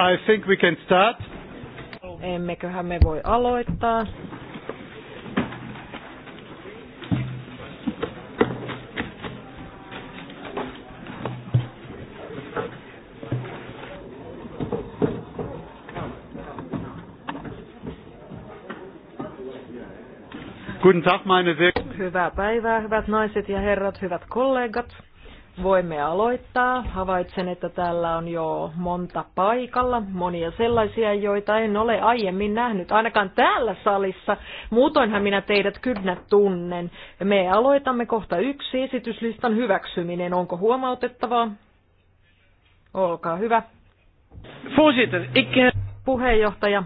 I think we can start. Emmeköhän me voi aloittaa. Guten Tag, meine sehr Hyvää päivää, hyvät naiset ja herrat, hyvät kollegat voimme aloittaa. Havaitsen, että täällä on jo monta paikalla, monia sellaisia, joita en ole aiemmin nähnyt, ainakaan täällä salissa. Muutoinhan minä teidät kyllä tunnen. Me aloitamme kohta yksi esityslistan hyväksyminen. Onko huomautettavaa? Olkaa hyvä. Eh, Puheenjohtaja,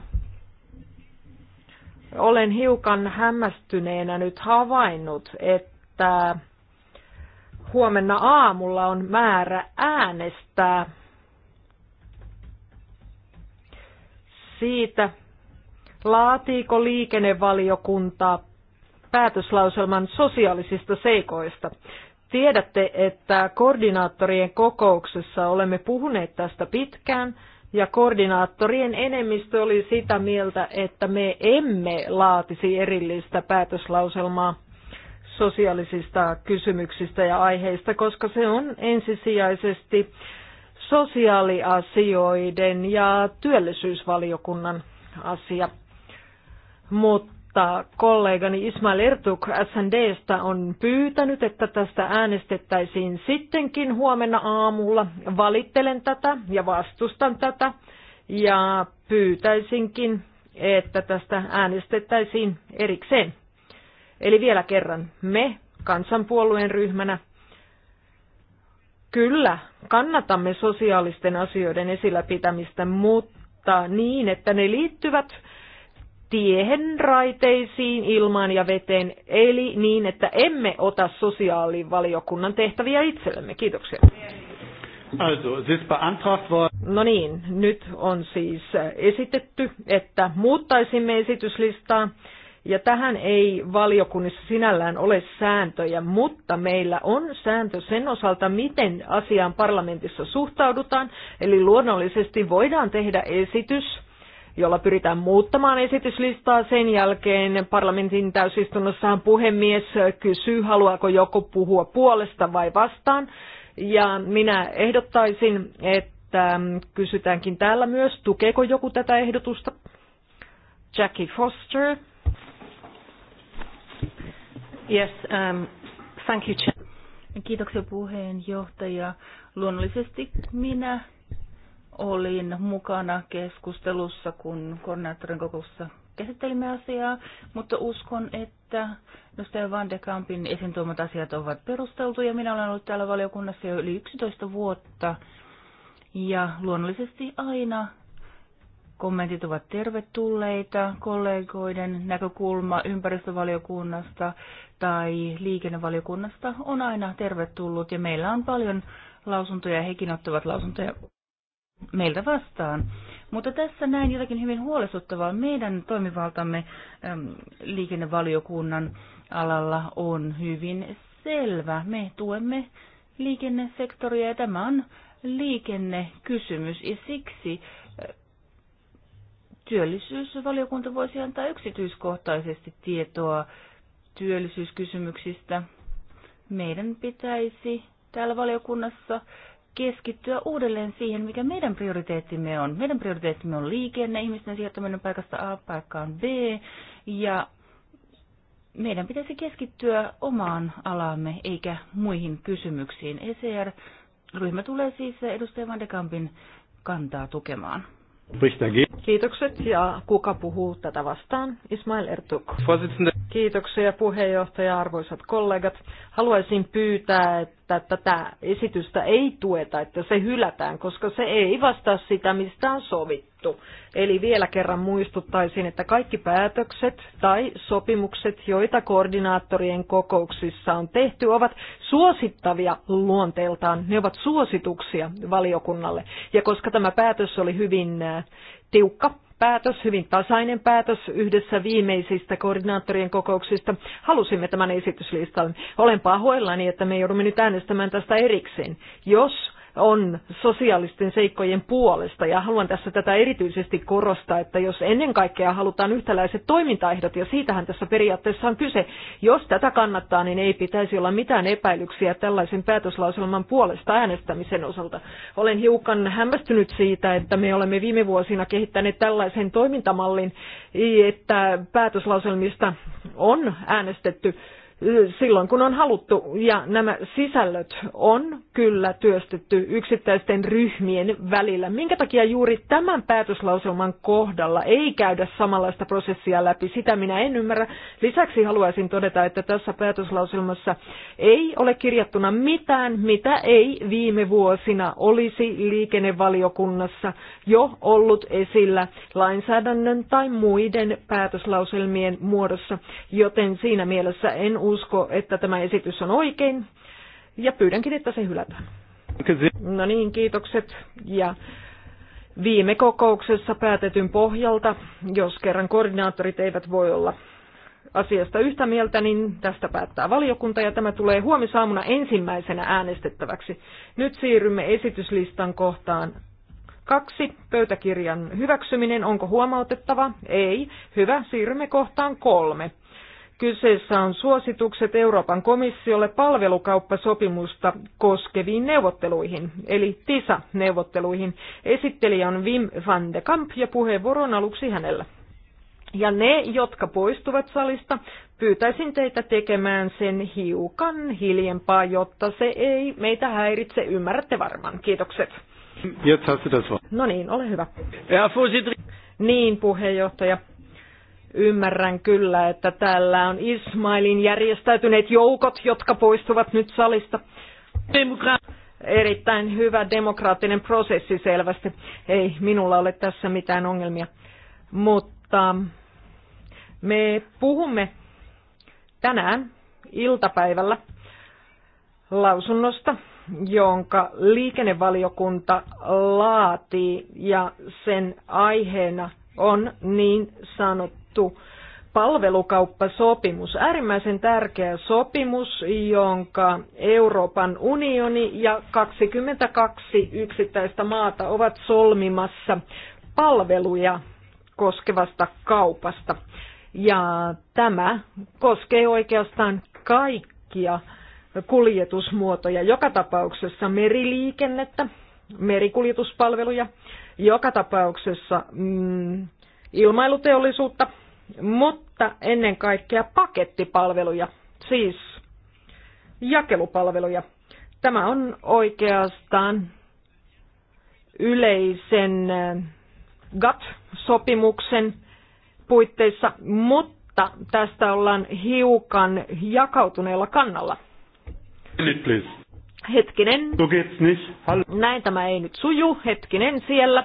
olen hiukan hämmästyneenä nyt havainnut, että huomenna aamulla on määrä äänestää siitä, laatiiko liikennevaliokunta päätöslauselman sosiaalisista seikoista. Tiedätte, että koordinaattorien kokouksessa olemme puhuneet tästä pitkään, ja koordinaattorien enemmistö oli sitä mieltä, että me emme laatisi erillistä päätöslauselmaa sosiaalisista kysymyksistä ja aiheista, koska se on ensisijaisesti sosiaaliasioiden ja työllisyysvaliokunnan asia. Mutta kollegani Ismail Ertuk SNDstä on pyytänyt, että tästä äänestettäisiin sittenkin huomenna aamulla. Valittelen tätä ja vastustan tätä ja pyytäisinkin, että tästä äänestettäisiin erikseen. Eli vielä kerran, me kansanpuolueen ryhmänä kyllä kannatamme sosiaalisten asioiden esillä pitämistä, mutta niin, että ne liittyvät tiehen, raiteisiin, ilmaan ja veteen, eli niin, että emme ota sosiaalivaliokunnan tehtäviä itsellemme. Kiitoksia. Also, No niin, nyt on siis esitetty, että muuttaisimme esityslistaa ja tähän ei valiokunnissa sinällään ole sääntöjä, mutta meillä on sääntö sen osalta, miten asiaan parlamentissa suhtaudutaan. Eli luonnollisesti voidaan tehdä esitys, jolla pyritään muuttamaan esityslistaa. Sen jälkeen parlamentin täysistunnossahan puhemies kysyy, haluaako joku puhua puolesta vai vastaan. Ja minä ehdottaisin, että kysytäänkin täällä myös, tukeeko joku tätä ehdotusta. Jackie Foster. Yes, um, thank you, Chair. Kiitoksia puheenjohtaja. Luonnollisesti minä olin mukana keskustelussa, kun koordinaattorin kokouksessa käsittelimme asiaa, mutta uskon, että edustaja Van de Kampin esiin tuomat asiat ovat perusteltuja. Minä olen ollut täällä valiokunnassa jo yli 11 vuotta ja luonnollisesti aina kommentit ovat tervetulleita kollegoiden näkökulma ympäristövaliokunnasta tai liikennevaliokunnasta on aina tervetullut ja meillä on paljon lausuntoja ja hekin ottavat lausuntoja meiltä vastaan. Mutta tässä näin jotakin hyvin huolestuttavaa. Meidän toimivaltamme äm, liikennevaliokunnan alalla on hyvin selvä. Me tuemme liikennesektoria ja tämä on liikennekysymys ja siksi työllisyysvaliokunta voisi antaa yksityiskohtaisesti tietoa työllisyyskysymyksistä. Meidän pitäisi täällä valiokunnassa keskittyä uudelleen siihen, mikä meidän prioriteettimme on. Meidän prioriteettimme on liikenne, ihmisten siirtäminen paikasta A paikkaan B, ja meidän pitäisi keskittyä omaan alaamme eikä muihin kysymyksiin. ECR-ryhmä tulee siis edustaja Van de Kampin kantaa tukemaan. Kiitokset ja kuka puhuu tätä vastaan? Ismail Ertuk. Kiitoksia puheenjohtaja, arvoisat kollegat. Haluaisin pyytää, että tätä esitystä ei tueta, että se hylätään, koska se ei vastaa sitä, mistä on sovittu sovittu. Eli vielä kerran muistuttaisin, että kaikki päätökset tai sopimukset, joita koordinaattorien kokouksissa on tehty, ovat suosittavia luonteeltaan. Ne ovat suosituksia valiokunnalle. Ja koska tämä päätös oli hyvin äh, tiukka, päätös, hyvin tasainen päätös yhdessä viimeisistä koordinaattorien kokouksista. Halusimme tämän esityslistan. Olen pahoillani, että me joudumme nyt äänestämään tästä erikseen. Jos on sosiaalisten seikkojen puolesta. Ja haluan tässä tätä erityisesti korostaa, että jos ennen kaikkea halutaan yhtäläiset toimintaehdot, ja siitähän tässä periaatteessa on kyse, jos tätä kannattaa, niin ei pitäisi olla mitään epäilyksiä tällaisen päätöslauselman puolesta äänestämisen osalta. Olen hiukan hämmästynyt siitä, että me olemme viime vuosina kehittäneet tällaisen toimintamallin, että päätöslauselmista on äänestetty silloin kun on haluttu. Ja nämä sisällöt on kyllä työstetty yksittäisten ryhmien välillä. Minkä takia juuri tämän päätöslauselman kohdalla ei käydä samanlaista prosessia läpi? Sitä minä en ymmärrä. Lisäksi haluaisin todeta, että tässä päätöslauselmassa ei ole kirjattuna mitään, mitä ei viime vuosina olisi liikennevaliokunnassa jo ollut esillä lainsäädännön tai muiden päätöslauselmien muodossa, joten siinä mielessä en usko, että tämä esitys on oikein ja pyydänkin, että se hylätään. No niin, kiitokset. Ja viime kokouksessa päätetyn pohjalta, jos kerran koordinaattorit eivät voi olla asiasta yhtä mieltä, niin tästä päättää valiokunta ja tämä tulee huomisaamuna ensimmäisenä äänestettäväksi. Nyt siirrymme esityslistan kohtaan Kaksi. Pöytäkirjan hyväksyminen. Onko huomautettava? Ei. Hyvä. Siirrymme kohtaan kolme. Kyseessä on suositukset Euroopan komissiolle palvelukauppasopimusta koskeviin neuvotteluihin, eli TISA-neuvotteluihin. Esittelijä on Wim van de Kamp ja puheenvuoro on aluksi hänellä. Ja ne, jotka poistuvat salista, pyytäisin teitä tekemään sen hiukan hiljempaa, jotta se ei meitä häiritse. Ymmärrätte varmaan. Kiitokset. No niin, ole hyvä. Niin, puheenjohtaja. Ymmärrän kyllä, että täällä on Ismailin järjestäytyneet joukot, jotka poistuvat nyt salista. Erittäin hyvä demokraattinen prosessi selvästi. Ei minulla ole tässä mitään ongelmia. Mutta me puhumme tänään iltapäivällä lausunnosta, jonka liikennevaliokunta laatii ja sen aiheena on niin sanottu sovittu palvelukauppasopimus, äärimmäisen tärkeä sopimus, jonka Euroopan unioni ja 22 yksittäistä maata ovat solmimassa palveluja koskevasta kaupasta. Ja tämä koskee oikeastaan kaikkia kuljetusmuotoja, joka tapauksessa meriliikennettä, merikuljetuspalveluja, joka tapauksessa mm, ilmailuteollisuutta, mutta ennen kaikkea pakettipalveluja, siis jakelupalveluja. Tämä on oikeastaan yleisen äh, GATT-sopimuksen puitteissa, mutta tästä ollaan hiukan jakautuneella kannalla. Minute, please. Hetkinen. Näin tämä ei nyt suju. Hetkinen siellä.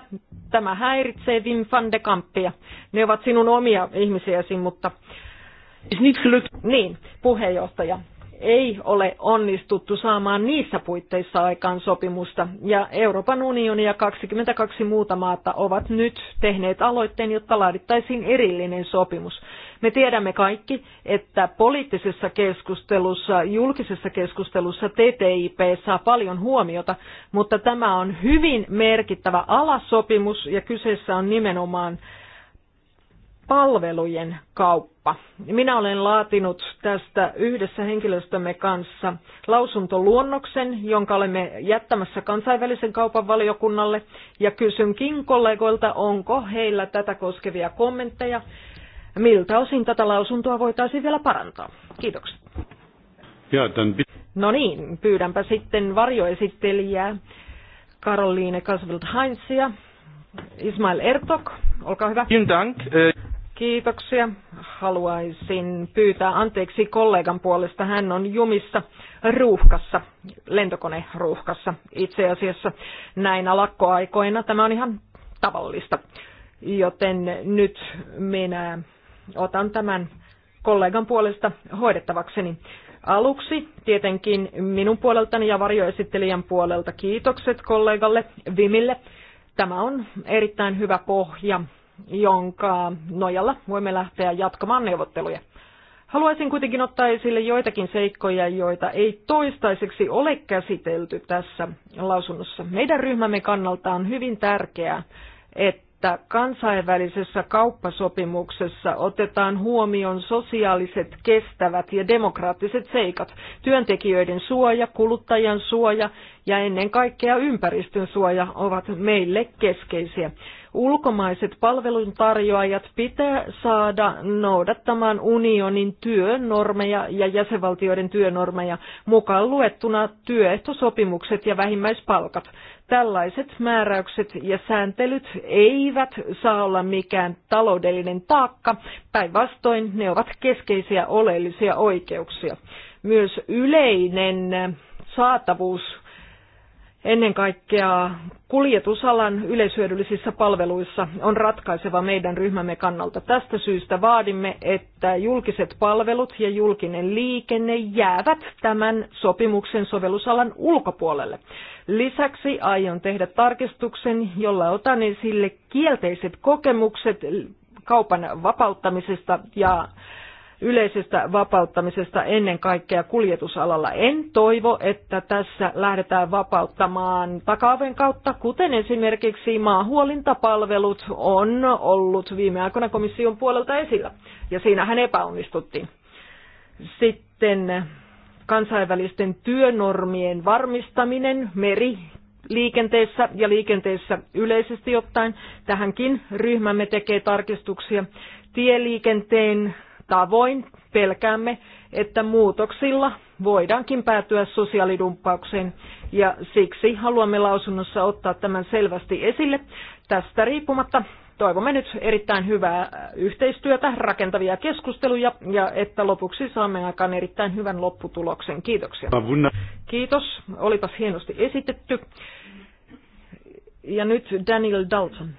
Tämä häiritsee Wim van de Kampia. Ne ovat sinun omia ihmisiäsi, mutta... Niin, puheenjohtaja ei ole onnistuttu saamaan niissä puitteissa aikaan sopimusta, ja Euroopan unioni ja 22 muuta maata ovat nyt tehneet aloitteen, jotta laadittaisiin erillinen sopimus. Me tiedämme kaikki, että poliittisessa keskustelussa, julkisessa keskustelussa TTIP saa paljon huomiota, mutta tämä on hyvin merkittävä alasopimus ja kyseessä on nimenomaan palvelujen kauppa. Minä olen laatinut tästä yhdessä henkilöstömme kanssa lausuntoluonnoksen, jonka olemme jättämässä kansainvälisen kaupan valiokunnalle, ja kysynkin kollegoilta, onko heillä tätä koskevia kommentteja miltä osin tätä lausuntoa voitaisiin vielä parantaa. Kiitokset. No niin, pyydänpä sitten varjoesittelijää Karoliine Kasvilt-Heinzia. Ismail Ertok, olkaa hyvä. Äh, Kiitoksia. Haluaisin pyytää anteeksi kollegan puolesta. Hän on jumissa ruuhkassa, lentokoneruuhkassa itse asiassa näinä lakkoaikoina. Tämä on ihan tavallista. Joten nyt minä otan tämän kollegan puolesta hoidettavakseni. Aluksi tietenkin minun puoleltani ja varjoesittelijän puolelta kiitokset kollegalle Vimille. Tämä on erittäin hyvä pohja, jonka nojalla voimme lähteä jatkamaan neuvotteluja. Haluaisin kuitenkin ottaa esille joitakin seikkoja, joita ei toistaiseksi ole käsitelty tässä lausunnossa. Meidän ryhmämme kannalta on hyvin tärkeää, että että kansainvälisessä kauppasopimuksessa otetaan huomioon sosiaaliset, kestävät ja demokraattiset seikat, työntekijöiden suoja, kuluttajan suoja ja ennen kaikkea ympäristön suoja ovat meille keskeisiä. Ulkomaiset palveluntarjoajat pitää saada noudattamaan unionin työnormeja ja jäsenvaltioiden työnormeja, mukaan luettuna työehtosopimukset ja vähimmäispalkat. Tällaiset määräykset ja sääntelyt eivät saa olla mikään taloudellinen taakka, päinvastoin ne ovat keskeisiä oleellisia oikeuksia. Myös yleinen saatavuus ennen kaikkea kuljetusalan yleishyödyllisissä palveluissa on ratkaiseva meidän ryhmämme kannalta. Tästä syystä vaadimme, että julkiset palvelut ja julkinen liikenne jäävät tämän sopimuksen sovellusalan ulkopuolelle. Lisäksi aion tehdä tarkistuksen, jolla otan esille kielteiset kokemukset kaupan vapauttamisesta ja yleisestä vapauttamisesta ennen kaikkea kuljetusalalla. En toivo, että tässä lähdetään vapauttamaan takaaven kautta, kuten esimerkiksi maahuolintapalvelut on ollut viime aikoina komission puolelta esillä. Ja siinähän epäonnistuttiin. Sitten kansainvälisten työnormien varmistaminen meri liikenteessä ja liikenteessä yleisesti ottaen. Tähänkin ryhmämme tekee tarkistuksia. Tieliikenteen tavoin pelkäämme, että muutoksilla voidaankin päätyä sosiaalidumppaukseen ja siksi haluamme lausunnossa ottaa tämän selvästi esille. Tästä riippumatta toivomme nyt erittäin hyvää yhteistyötä, rakentavia keskusteluja ja että lopuksi saamme aikaan erittäin hyvän lopputuloksen. Kiitoksia. Kiitos, olipas hienosti esitetty. Ja nyt Daniel Dalton.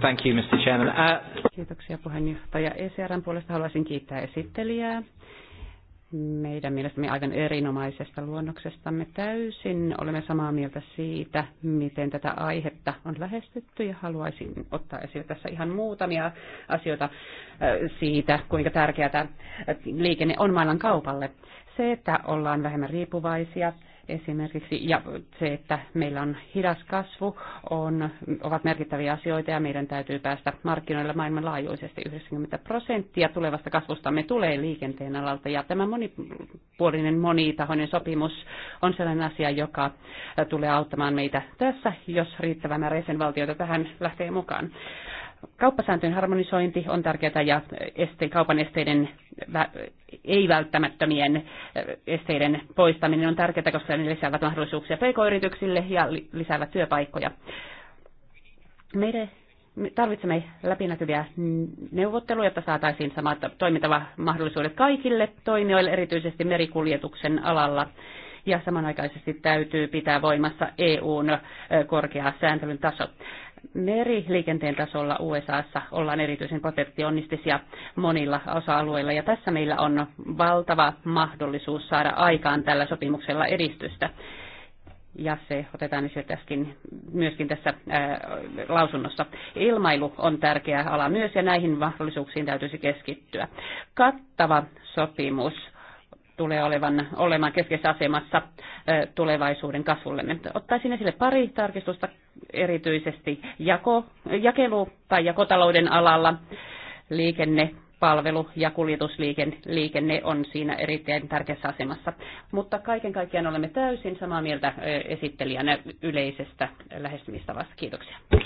Thank you, Mr. Chairman. Uh... Kiitoksia puheenjohtaja. ECRn puolesta haluaisin kiittää esittelijää meidän mielestämme aivan erinomaisesta luonnoksestamme täysin. Olemme samaa mieltä siitä, miten tätä aihetta on lähestytty ja haluaisin ottaa esille tässä ihan muutamia asioita äh, siitä, kuinka tärkeää liikenne on maailman kaupalle. Se, että ollaan vähemmän riippuvaisia esimerkiksi, ja se, että meillä on hidas kasvu, on, ovat merkittäviä asioita ja meidän täytyy päästä markkinoille maailmanlaajuisesti. 90 prosenttia tulevasta kasvustamme tulee liikenteen alalta ja tämä monipuolinen monitahoinen sopimus on sellainen asia, joka tulee auttamaan meitä tässä, jos riittävä määrä jäsenvaltioita tähän lähtee mukaan. Kauppasääntöjen harmonisointi on tärkeää ja este, kaupan esteiden, ei-välttämättömien esteiden poistaminen on tärkeää, koska ne lisäävät mahdollisuuksia pk-yrityksille ja lisäävät työpaikkoja. Meidän me tarvitsemme läpinäkyviä neuvotteluja, jotta saataisiin samat mahdollisuudet kaikille toimijoille, erityisesti merikuljetuksen alalla. Ja samanaikaisesti täytyy pitää voimassa EUn korkea sääntelyn taso meriliikenteen tasolla USAssa ollaan erityisen protektionistisia monilla osa-alueilla ja tässä meillä on valtava mahdollisuus saada aikaan tällä sopimuksella edistystä. Ja se otetaan esille myöskin tässä ää, äh, lausunnossa. Ilmailu on tärkeä ala myös ja näihin mahdollisuuksiin täytyisi keskittyä. Kattava sopimus tulee olevan, olemaan keskeisessä asemassa tulevaisuuden kasvullemme. Ottaisin esille pari tarkistusta erityisesti jako, jakelu- tai jakotalouden alalla liikenne palvelu- ja kuljetusliikenne on siinä erittäin tärkeässä asemassa. Mutta kaiken kaikkiaan olemme täysin samaa mieltä esittelijänä yleisestä lähestymistavasta. Kiitoksia. Uh,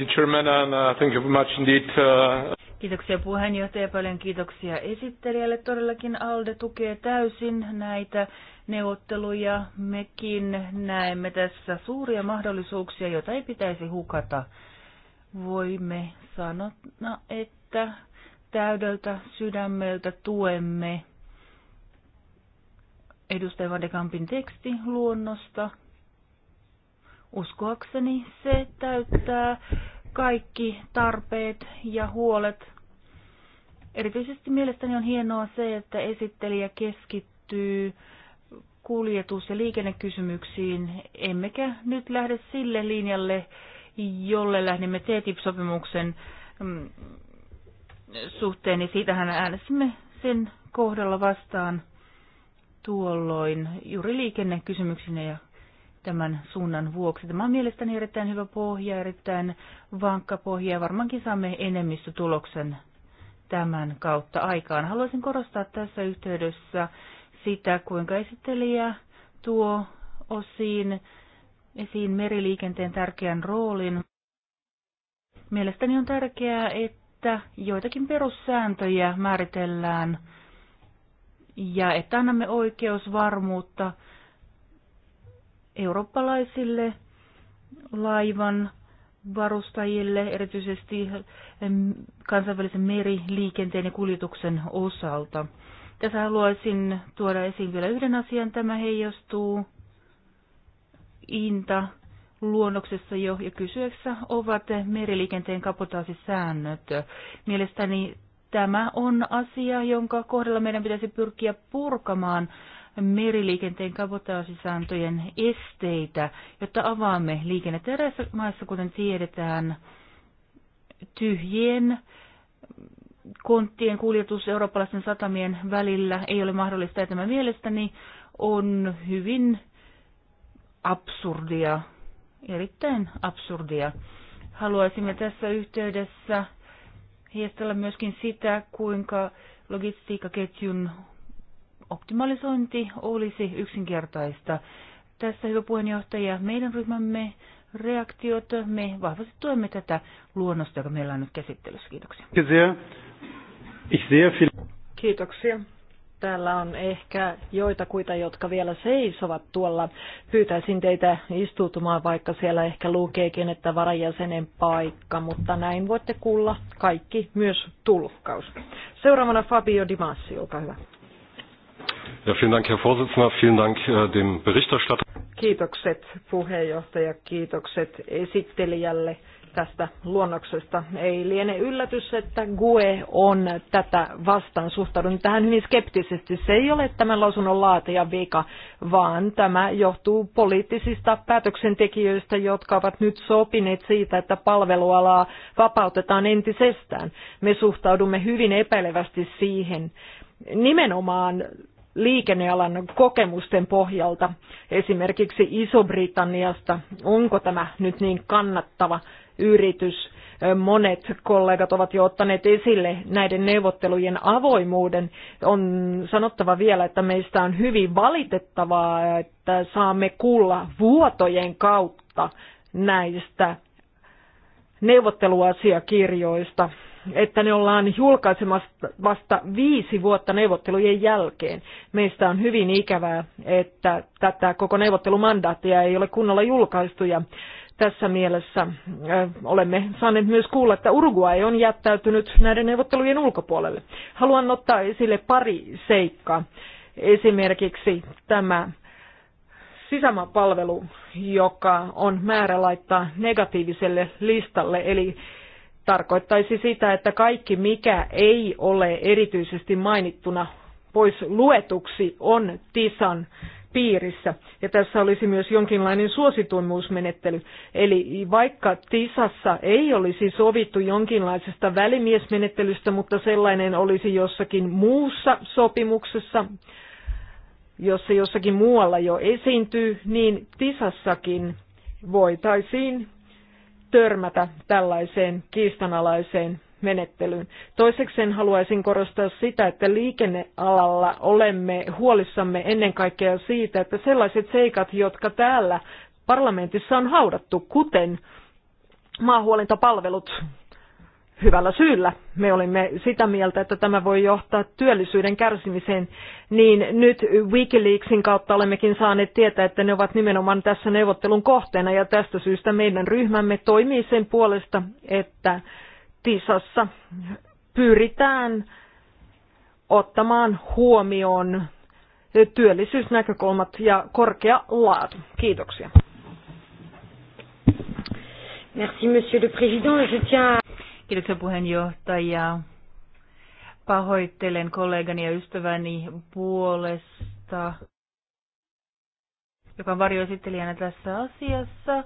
uh, kiitoksia puheenjohtaja, paljon kiitoksia esittelijälle. Todellakin ALDE tukee täysin näitä neuvotteluja. Mekin näemme tässä suuria mahdollisuuksia, joita ei pitäisi hukata. Voimme sanoa, että täydeltä sydämeltä tuemme edustaja Vadekampin luonnosta Uskoakseni se täyttää kaikki tarpeet ja huolet. Erityisesti mielestäni on hienoa se, että esittelijä keskittyy kuljetus- ja liikennekysymyksiin, emmekä nyt lähde sille linjalle, jolle lähdimme TTIP-sopimuksen mm, suhteen, niin siitähän äänestimme sen kohdalla vastaan tuolloin juuri liikennekysymyksinä ja tämän suunnan vuoksi. Tämä on mielestäni erittäin hyvä pohja, erittäin vankka pohja ja varmaankin saamme enemmistötuloksen tämän kautta aikaan. Haluaisin korostaa tässä yhteydessä sitä, kuinka esittelijä tuo osiin esiin meriliikenteen tärkeän roolin. Mielestäni on tärkeää, että että joitakin perussääntöjä määritellään ja että annamme oikeusvarmuutta eurooppalaisille laivan varustajille, erityisesti kansainvälisen meriliikenteen ja kuljetuksen osalta. Tässä haluaisin tuoda esiin vielä yhden asian. Tämä heijastuu Inta luonnoksessa jo ja kysyessä ovat meriliikenteen kapotaasisäännöt. Mielestäni tämä on asia, jonka kohdalla meidän pitäisi pyrkiä purkamaan meriliikenteen kapotaasisääntöjen esteitä, jotta avaamme liikennettä eräissä maissa, kuten tiedetään, tyhjien konttien kuljetus eurooppalaisten satamien välillä ei ole mahdollista, ja tämä mielestäni on hyvin absurdia erittäin absurdia. Haluaisimme tässä yhteydessä hiestellä myöskin sitä, kuinka logistiikkaketjun optimalisointi olisi yksinkertaista. Tässä, hyvä puheenjohtaja, meidän ryhmämme reaktiot, me vahvasti tuemme tätä luonnosta, joka meillä on nyt käsittelyssä. Kiitoksia. Kiitoksia. Täällä on ehkä joitakuita, jotka vielä seisovat tuolla. Pyytäisin teitä istuutumaan, vaikka siellä ehkä lukeekin, että varajäsenen paikka, mutta näin voitte kuulla kaikki, myös tulkkaus. Seuraavana Fabio Di Massi, olkaa hyvä. Ja, vielen Dank, Herr Vorsitzender. Vielen Dank äh, dem Berichterstatter. Kiitokset puheenjohtaja, kiitokset esittelijälle tästä luonnoksesta. Ei liene yllätys, että GUE on tätä vastaan suhtaudunut tähän hyvin skeptisesti. Se ei ole tämän lausunnon laatijan vika, vaan tämä johtuu poliittisista päätöksentekijöistä, jotka ovat nyt sopineet siitä, että palvelualaa vapautetaan entisestään. Me suhtaudumme hyvin epäilevästi siihen nimenomaan liikennealan kokemusten pohjalta, esimerkiksi Iso-Britanniasta, onko tämä nyt niin kannattava yritys. Monet kollegat ovat jo ottaneet esille näiden neuvottelujen avoimuuden. On sanottava vielä, että meistä on hyvin valitettavaa, että saamme kuulla vuotojen kautta näistä neuvotteluasiakirjoista, että ne ollaan julkaisemassa vasta viisi vuotta neuvottelujen jälkeen. Meistä on hyvin ikävää, että tätä koko neuvottelumandaattia ei ole kunnolla julkaistu ja tässä mielessä olemme saaneet myös kuulla, että Uruguay on jättäytynyt näiden neuvottelujen ulkopuolelle. Haluan ottaa esille pari seikkaa. Esimerkiksi tämä sisämapalvelu, joka on määrä laittaa negatiiviselle listalle, eli tarkoittaisi sitä, että kaikki mikä ei ole erityisesti mainittuna pois luetuksi on TISAN piirissä. Ja tässä olisi myös jonkinlainen suosituimmuusmenettely. Eli vaikka TISassa ei olisi sovittu jonkinlaisesta välimiesmenettelystä, mutta sellainen olisi jossakin muussa sopimuksessa, jos se jossakin muualla jo esiintyy, niin TISassakin voitaisiin törmätä tällaiseen kiistanalaiseen menettelyyn. Toisekseen haluaisin korostaa sitä, että liikennealalla olemme huolissamme ennen kaikkea siitä, että sellaiset seikat, jotka täällä parlamentissa on haudattu, kuten maahuolintapalvelut, hyvällä syyllä. Me olimme sitä mieltä, että tämä voi johtaa työllisyyden kärsimiseen, niin nyt Wikileaksin kautta olemmekin saaneet tietää, että ne ovat nimenomaan tässä neuvottelun kohteena ja tästä syystä meidän ryhmämme toimii sen puolesta, että TISassa pyritään ottamaan huomioon työllisyysnäkökulmat ja korkea laatu. Kiitoksia. Merci, monsieur le président. Je tiens... Kiitoksia puheenjohtaja. Pahoittelen kollegani ja ystäväni puolesta, joka on varjoesittelijänä tässä asiassa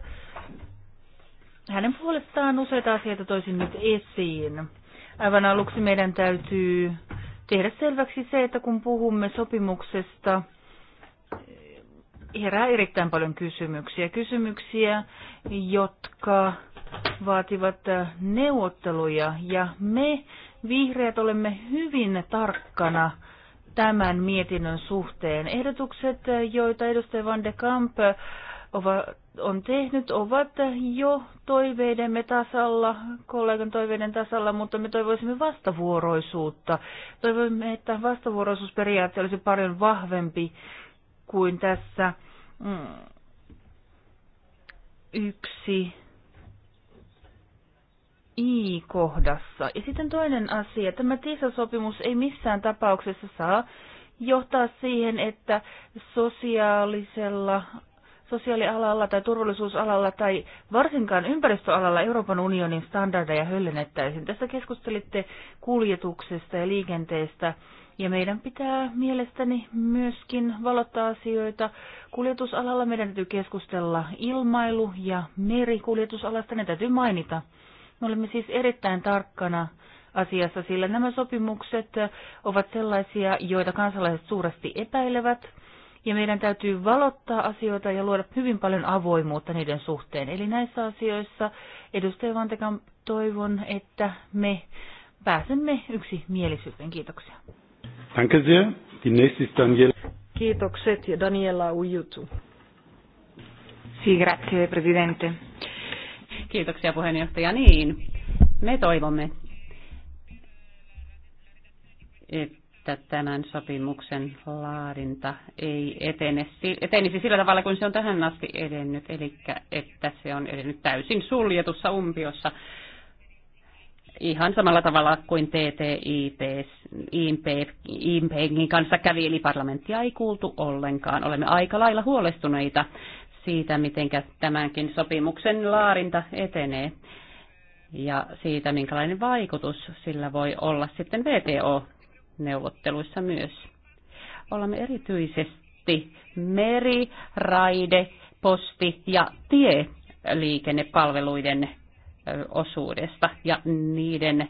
hänen puolestaan useita asioita toisin nyt esiin. Aivan aluksi meidän täytyy tehdä selväksi se, että kun puhumme sopimuksesta, herää erittäin paljon kysymyksiä. Kysymyksiä, jotka vaativat neuvotteluja ja me vihreät olemme hyvin tarkkana tämän mietinnön suhteen. Ehdotukset, joita edustaja Van de Kamp ovat on tehnyt, ovat jo toiveidemme tasalla, kollegan toiveiden tasalla, mutta me toivoisimme vastavuoroisuutta. Toivoimme, että vastavuoroisuusperiaate olisi paljon vahvempi kuin tässä mm. yksi I-kohdassa. Ja sitten toinen asia. Tämä TISA-sopimus ei missään tapauksessa saa johtaa siihen, että sosiaalisella sosiaalialalla tai turvallisuusalalla tai varsinkaan ympäristöalalla Euroopan unionin standardeja höllennettäisiin. Tässä keskustelitte kuljetuksesta ja liikenteestä. Ja meidän pitää mielestäni myöskin valottaa asioita. Kuljetusalalla meidän täytyy keskustella ilmailu- ja merikuljetusalasta, ne täytyy mainita. Me olemme siis erittäin tarkkana asiassa, sillä nämä sopimukset ovat sellaisia, joita kansalaiset suuresti epäilevät ja meidän täytyy valottaa asioita ja luoda hyvin paljon avoimuutta niiden suhteen. Eli näissä asioissa edustaja Vantekan toivon, että me pääsemme yksi mielisyyteen. Kiitoksia. Danke sehr. Die nächste ist Daniela. Kiitokset ja Daniela Ujutu. Sì, grazie Presidente. Kiitoksia puheenjohtaja. Niin, me toivomme, että että tämän sopimuksen laadinta ei etene, etenisi sillä tavalla kuin se on tähän asti edennyt, eli että se on edennyt täysin suljetussa umpiossa ihan samalla tavalla kuin TTIP, IMPEGin kanssa kävi, eli parlamenttia ei kuultu ollenkaan. Olemme aika lailla huolestuneita siitä, miten tämänkin sopimuksen laarinta etenee ja siitä, minkälainen vaikutus sillä voi olla sitten VTO neuvotteluissa myös. Olemme erityisesti meri, raide, posti ja tieliikennepalveluiden osuudesta ja niiden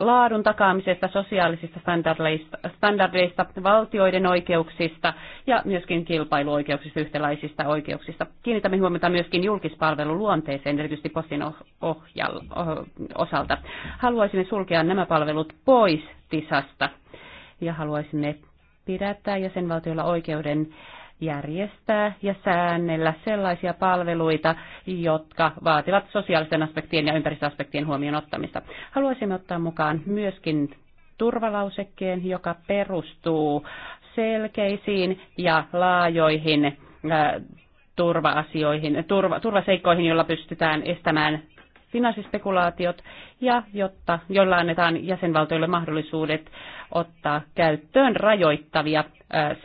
laadun takaamisesta, sosiaalisista standardeista, standardeista, valtioiden oikeuksista ja myöskin kilpailuoikeuksista, yhtäläisistä oikeuksista. Kiinnitämme huomiota myöskin julkispalveluluonteeseen, erityisesti postin oh-, osalta. Haluaisimme sulkea nämä palvelut pois TISasta ja haluaisimme pidättää jäsenvaltioilla oikeuden järjestää ja säännellä sellaisia palveluita, jotka vaativat sosiaalisten aspektien ja ympäristöaspektien huomioon ottamista. Haluaisimme ottaa mukaan myöskin turvalausekkeen, joka perustuu selkeisiin ja laajoihin turva-asioihin, turva, turvaseikkoihin, joilla pystytään estämään finanssispekulaatiot ja jotta, joilla annetaan jäsenvaltioille mahdollisuudet ottaa käyttöön rajoittavia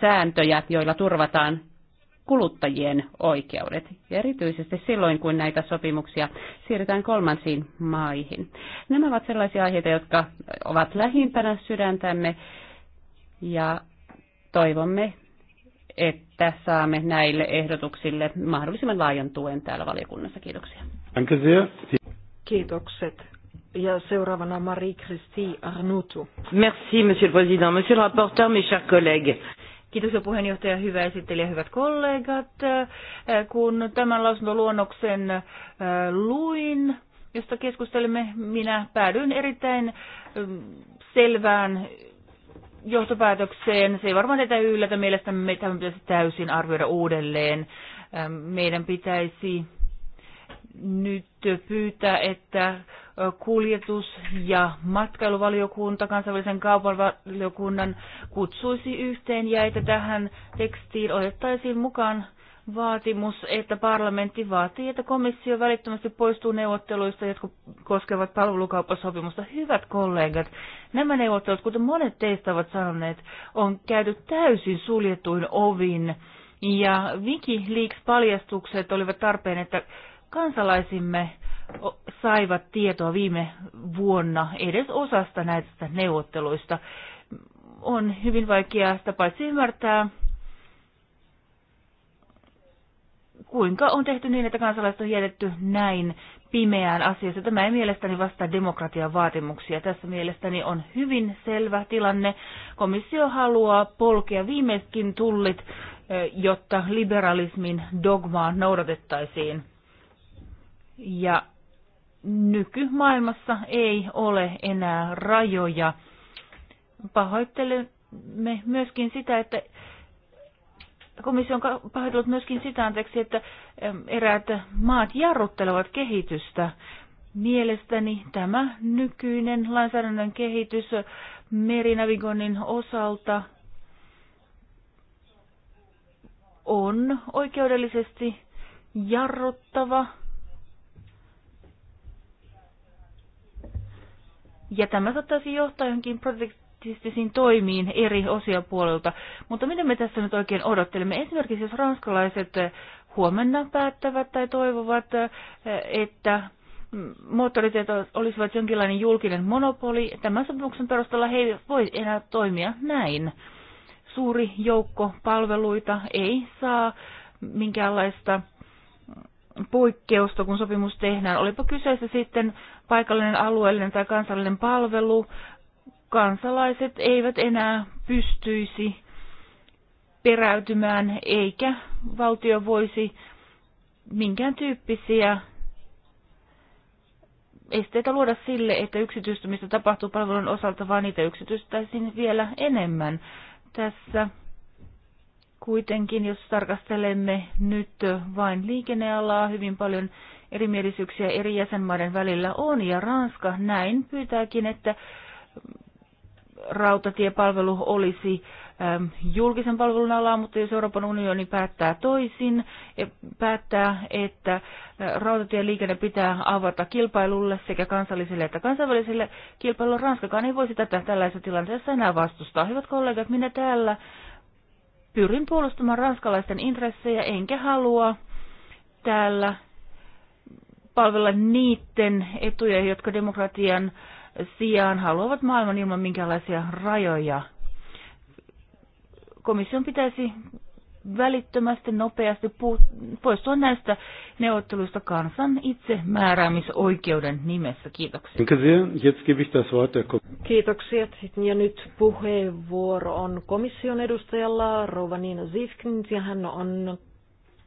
sääntöjä, joilla turvataan kuluttajien oikeudet, erityisesti silloin, kun näitä sopimuksia siirretään kolmansiin maihin. Nämä ovat sellaisia aiheita, jotka ovat lähimpänä sydäntämme ja toivomme, että saamme näille ehdotuksille mahdollisimman laajan tuen täällä valiokunnassa. Kiitoksia. Kiitokset. Ja seuraavana marie christi Arnoutou. Merci, monsieur le président, monsieur le rapporteur, mes chers collègues. Kiitos jo puheenjohtaja, hyvä esittelijä, hyvät kollegat. Äh, kun tämän lausuntoluonnoksen äh, luin, josta keskustelimme, minä päädyin erittäin ähm, selvään johtopäätökseen. Se ei varmaan tätä yllätä. Mielestämme tämä pitäisi täysin arvioida uudelleen. Ähm, meidän pitäisi nyt pyytää, että kuljetus- ja matkailuvaliokunta kansainvälisen kaupanvaliokunnan kutsuisi yhteen ja että tähän tekstiin otettaisiin mukaan vaatimus, että parlamentti vaatii, että komissio välittömästi poistuu neuvotteluista, jotka koskevat palvelukauppasopimusta. Hyvät kollegat, nämä neuvottelut, kuten monet teistä ovat sanoneet, on käyty täysin suljetuin ovin. Ja Wikileaks-paljastukset olivat tarpeen, että kansalaisimme saivat tietoa viime vuonna edes osasta näistä neuvotteluista. On hyvin vaikea sitä paitsi ymmärtää, kuinka on tehty niin, että kansalaiset on jätetty näin pimeään asiassa. Tämä ei mielestäni vastaa demokratian vaatimuksia. Tässä mielestäni on hyvin selvä tilanne. Komissio haluaa polkea viimeiskin tullit, eh, jotta liberalismin dogmaa noudatettaisiin. Ja nykymaailmassa ei ole enää rajoja. Pahoittelemme myöskin sitä, että komissio on pahoitellut myöskin sitä anteeksi, että eräät maat jarruttelevat kehitystä. Mielestäni tämä nykyinen lainsäädännön kehitys merinavigoinnin osalta on oikeudellisesti jarruttava Ja tämä saattaisi johtaa jonkin protektistisiin toimiin eri osia puolelta. Mutta mitä me tässä nyt oikein odottelemme? Esimerkiksi jos ranskalaiset huomenna päättävät tai toivovat, että moottoriteet olisivat jonkinlainen julkinen monopoli. Tämän sopimuksen perusteella he eivät voi enää toimia näin. Suuri joukko palveluita ei saa minkäänlaista poikkeusta, kun sopimus tehdään. Olipa kyseessä sitten paikallinen, alueellinen tai kansallinen palvelu, kansalaiset eivät enää pystyisi peräytymään, eikä valtio voisi minkään tyyppisiä esteitä luoda sille, että yksityistymistä tapahtuu palvelun osalta, vaan niitä yksityistäisiin vielä enemmän. Tässä kuitenkin, jos tarkastelemme nyt vain liikennealaa, hyvin paljon erimielisyyksiä eri jäsenmaiden välillä on, ja Ranska näin pyytääkin, että rautatiepalvelu olisi ähm, julkisen palvelun alaa, mutta jos Euroopan unioni päättää toisin, e, päättää, että äh, rautatieliikenne pitää avata kilpailulle sekä kansalliselle että kansainväliselle kilpailulle, Ranskakaan ei voisi tätä tällaisessa tilanteessa enää vastustaa. Hyvät kollegat, minä täällä pyrin puolustamaan ranskalaisten intressejä, enkä halua täällä palvella niiden etuja, jotka demokratian sijaan haluavat maailman ilman minkälaisia rajoja. Komission pitäisi välittömästi, nopeasti poistua näistä neuvotteluista kansan itsemääräämisoikeuden nimessä. Kiitoksia. Kiitoksia. Ja nyt puheenvuoro on komission edustajalla Rovanina Zifkin ja hän on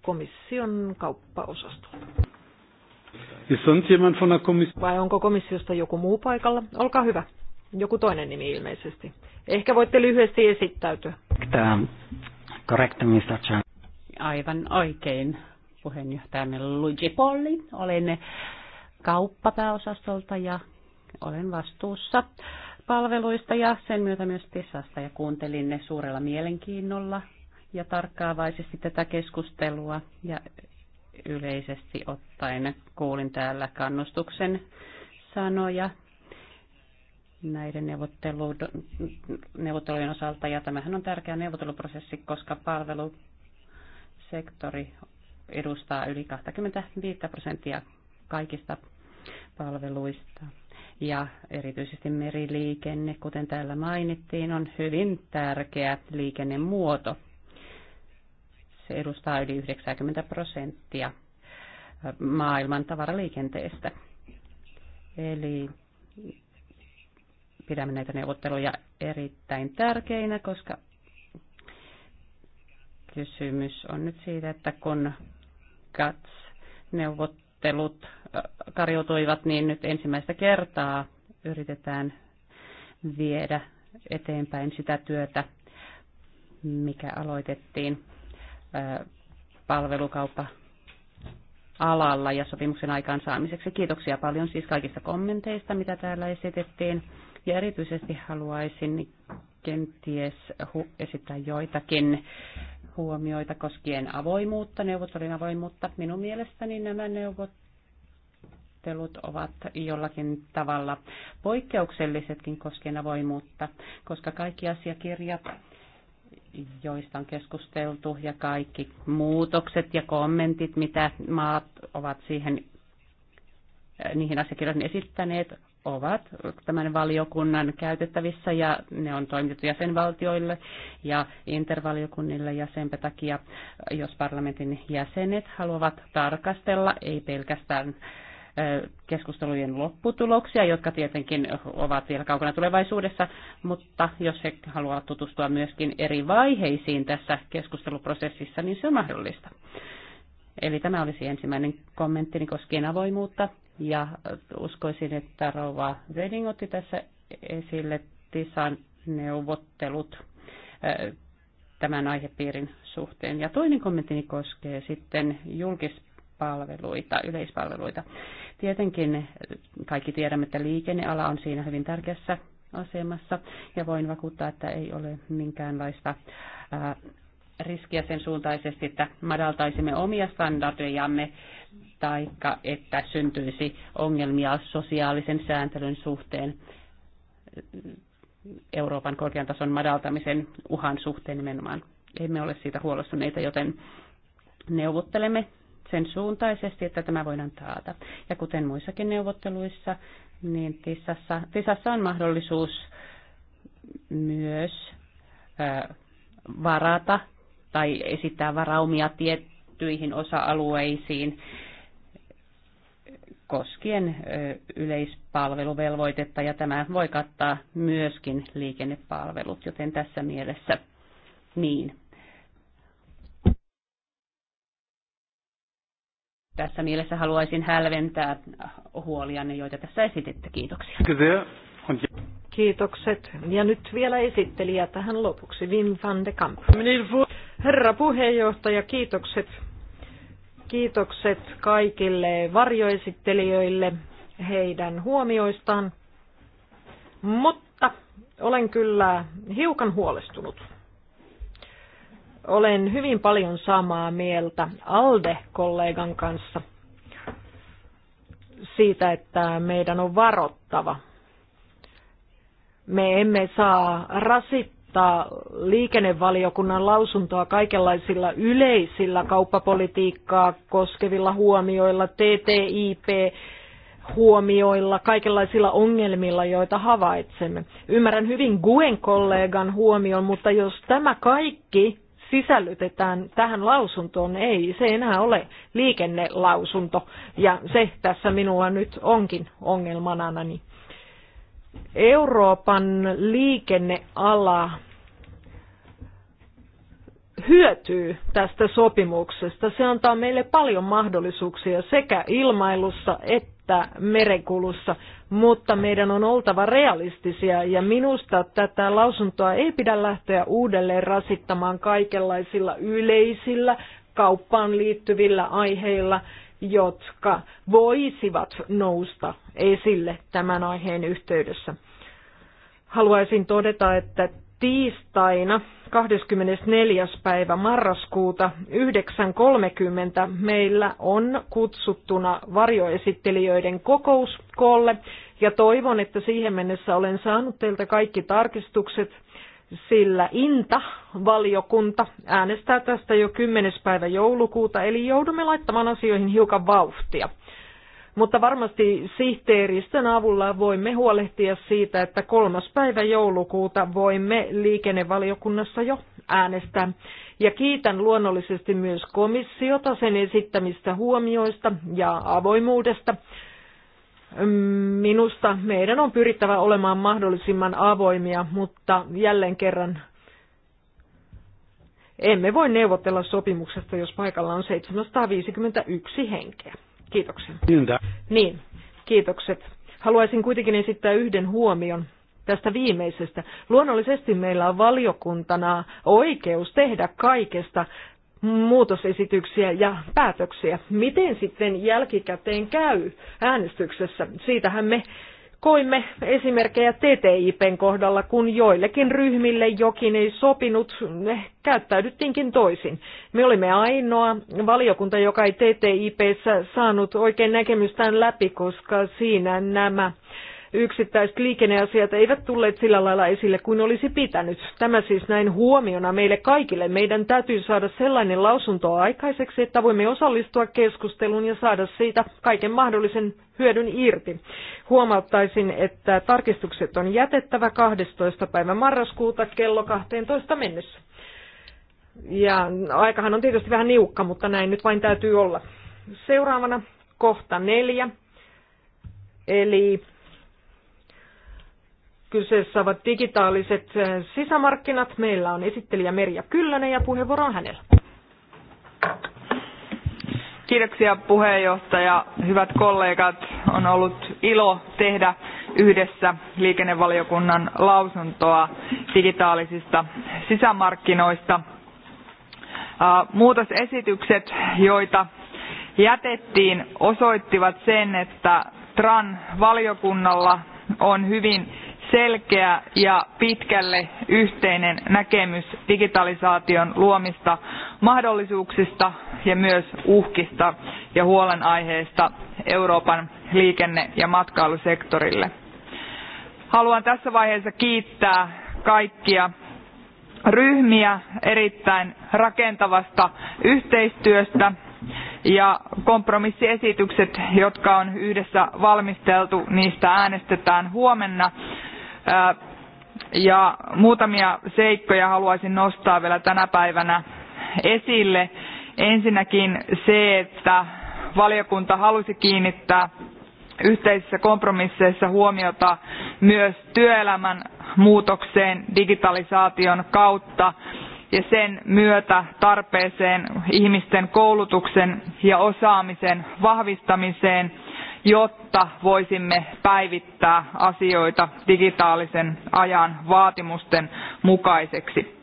komission kauppaosastolla. Vai onko komissiosta joku muu paikalla? Olkaa hyvä. Joku toinen nimi ilmeisesti. Ehkä voitte lyhyesti esittäytyä. Aivan oikein. Puheenjohtajamme Luigi Polli. Olen kauppapääosastolta ja olen vastuussa palveluista ja sen myötä myös Tissasta ja kuuntelin ne suurella mielenkiinnolla ja tarkkaavaisesti tätä keskustelua ja yleisesti ottaen kuulin täällä kannustuksen sanoja näiden neuvottelujen osalta. Ja tämähän on tärkeä neuvotteluprosessi, koska palvelusektori edustaa yli 25 prosenttia kaikista palveluista. Ja erityisesti meriliikenne, kuten täällä mainittiin, on hyvin tärkeä liikennemuoto se edustaa yli 90 prosenttia äh, maailman tavaraliikenteestä. Eli pidämme näitä neuvotteluja erittäin tärkeinä, koska kysymys on nyt siitä, että kun GATS-neuvottelut äh, karjoutuivat, niin nyt ensimmäistä kertaa yritetään viedä eteenpäin sitä työtä, mikä aloitettiin palvelukauppa alalla ja sopimuksen aikaansaamiseksi. Kiitoksia paljon siis kaikista kommenteista, mitä täällä esitettiin. Ja erityisesti haluaisin kenties esittää joitakin huomioita koskien avoimuutta, neuvottelun avoimuutta. Minun mielestäni nämä neuvottelut ovat jollakin tavalla poikkeuksellisetkin koskien avoimuutta, koska kaikki asiakirjat joista on keskusteltu ja kaikki muutokset ja kommentit, mitä maat ovat siihen, eh, niihin asiakirjoihin esittäneet, ovat tämän valiokunnan käytettävissä ja ne on toimitettu jäsenvaltioille ja intervaliokunnille ja senpä takia, eh, jos parlamentin jäsenet haluavat tarkastella, ei pelkästään äh, keskustelujen lopputuloksia, jotka tietenkin ovat vielä kaukana tulevaisuudessa, mutta jos he haluavat tutustua myöskin eri vaiheisiin tässä keskusteluprosessissa, niin se on mahdollista. Eli tämä olisi ensimmäinen kommenttini koskien avoimuutta, ja uskoisin, että Rova Reding otti tässä esille TISAn neuvottelut tämän aihepiirin suhteen. Ja toinen kommenttini koskee sitten julkis palveluita, yleispalveluita. Tietenkin kaikki tiedämme, että liikenneala on siinä hyvin tärkeässä asemassa ja voin vakuuttaa, että ei ole minkäänlaista riskiä sen suuntaisesti, että madaltaisimme omia standardejamme tai että syntyisi ongelmia sosiaalisen sääntelyn suhteen Euroopan korkean tason madaltamisen uhan suhteen nimenomaan. Emme ole siitä huolestuneita, joten neuvottelemme sen suuntaisesti, että tämä voidaan taata. Ja kuten muissakin neuvotteluissa, niin TISassa, TISassa on mahdollisuus myös ö, varata tai esittää varaumia tiettyihin osa-alueisiin koskien yleispalveluvelvoitetta ja tämä voi kattaa myöskin liikennepalvelut, joten tässä mielessä niin tässä mielessä haluaisin hälventää huolianne, joita tässä esititte. Kiitoksia. Kiitokset. Ja nyt vielä esittelijä tähän lopuksi, Wim van de Kamp. Herra puheenjohtaja, kiitokset. Kiitokset kaikille varjoesittelijöille heidän huomioistaan. Mutta olen kyllä hiukan huolestunut. Olen hyvin paljon samaa mieltä Alde-kollegan kanssa siitä, että meidän on varottava. Me emme saa rasittaa liikennevaliokunnan lausuntoa kaikenlaisilla yleisillä kauppapolitiikkaa koskevilla huomioilla, TTIP, huomioilla, kaikenlaisilla ongelmilla, joita havaitsemme. Ymmärrän hyvin Guen kollegan huomion, mutta jos tämä kaikki sisällytetään tähän lausuntoon. Ei, se enää ole liikennelausunto ja se tässä minulla nyt onkin ongelmana. Euroopan liikenneala hyötyy tästä sopimuksesta. Se antaa meille paljon mahdollisuuksia sekä ilmailussa että että merenkulussa, mutta meidän on oltava realistisia ja minusta tätä lausuntoa ei pidä lähteä uudelleen rasittamaan kaikenlaisilla yleisillä kauppaan liittyvillä aiheilla, jotka voisivat nousta esille tämän aiheen yhteydessä. Haluaisin todeta, että tiistaina 24. päivä marraskuuta 9.30 meillä on kutsuttuna varjoesittelijöiden kokous koolle ja toivon, että siihen mennessä olen saanut teiltä kaikki tarkistukset, sillä INTA-valiokunta äänestää tästä jo 10. päivä joulukuuta, eli joudumme laittamaan asioihin hiukan vauhtia. Mutta varmasti sihteeristön avulla voimme huolehtia siitä, että kolmas päivä joulukuuta voimme liikennevaliokunnassa jo äänestää. Ja kiitän luonnollisesti myös komissiota sen esittämistä huomioista ja avoimuudesta. Minusta meidän on pyrittävä olemaan mahdollisimman avoimia, mutta jälleen kerran emme voi neuvotella sopimuksesta, jos paikalla on 751 henkeä. Kiitoksia. Kyllä. Niin, kiitokset. Haluaisin kuitenkin esittää yhden huomion tästä viimeisestä. Luonnollisesti meillä on valiokuntana oikeus tehdä kaikesta muutosesityksiä ja päätöksiä. Miten sitten jälkikäteen käy äänestyksessä? Siitähän me Koimme esimerkkejä TTIPn kohdalla, kun joillekin ryhmille jokin ei sopinut, ne käyttäydyttiinkin toisin. Me olimme ainoa valiokunta, joka ei TTIPssä saanut oikein näkemystään läpi, koska siinä nämä yksittäiset liikenneasiat eivät tulleet sillä lailla esille kuin olisi pitänyt. Tämä siis näin huomiona meille kaikille. Meidän täytyy saada sellainen lausunto aikaiseksi, että voimme osallistua keskusteluun ja saada siitä kaiken mahdollisen hyödyn irti. Huomauttaisin, että tarkistukset on jätettävä 12. päivä marraskuuta kello 12 mennessä. Ja aikahan on tietysti vähän niukka, mutta näin nyt vain täytyy olla. Seuraavana kohta neljä, eli Kyseessä ovat digitaaliset eh, sisämarkkinat. Meillä on esittelijä Merja Kyllönen ja puheenvuoro on hänellä. Kiitoksia puheenjohtaja. Hyvät kollegat, on ollut ilo tehdä yhdessä liikennevaliokunnan lausuntoa digitaalisista sisämarkkinoista. Muutosesitykset, joita jätettiin, osoittivat sen, että TRAN-valiokunnalla on hyvin selkeä ja pitkälle yhteinen näkemys digitalisaation luomista mahdollisuuksista ja myös uhkista ja huolenaiheista Euroopan liikenne- ja matkailusektorille. Haluan tässä vaiheessa kiittää kaikkia ryhmiä erittäin rakentavasta yhteistyöstä ja kompromissiesitykset, jotka on yhdessä valmisteltu, niistä äänestetään huomenna ja muutamia seikkoja haluaisin nostaa vielä tänä päivänä esille. Ensinnäkin se, että valiokunta halusi kiinnittää yhteisissä kompromisseissa huomiota myös työelämän muutokseen digitalisaation kautta ja sen myötä tarpeeseen ihmisten koulutuksen ja osaamisen vahvistamiseen – jotta voisimme päivittää asioita digitaalisen ajan vaatimusten mukaiseksi.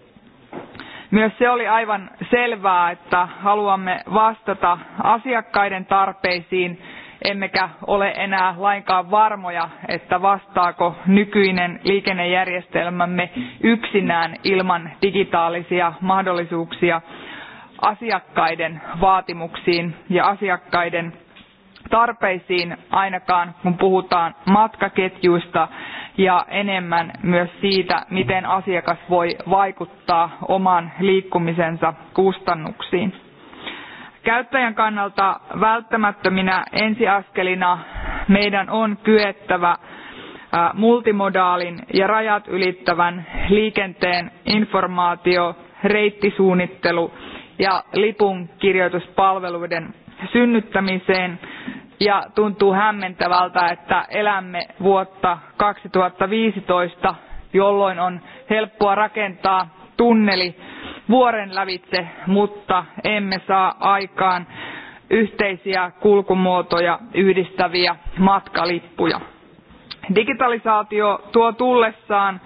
Myös se oli aivan selvää, että haluamme vastata asiakkaiden tarpeisiin, emmekä ole enää lainkaan varmoja, että vastaako nykyinen liikennejärjestelmämme yksinään ilman digitaalisia mahdollisuuksia asiakkaiden vaatimuksiin ja asiakkaiden tarpeisiin ainakaan, kun puhutaan matkaketjuista ja enemmän myös siitä, miten asiakas voi vaikuttaa oman liikkumisensa kustannuksiin. Käyttäjän kannalta välttämättöminä ensiaskelina meidän on kyettävä multimodaalin ja rajat ylittävän liikenteen informaatio, reittisuunnittelu ja lipun kirjoituspalveluiden synnyttämiseen ja tuntuu hämmentävältä, että elämme vuotta 2015, jolloin on helppoa rakentaa tunneli vuoren lävitse, mutta emme saa aikaan yhteisiä kulkumuotoja yhdistäviä matkalippuja. Digitalisaatio tuo tullessaan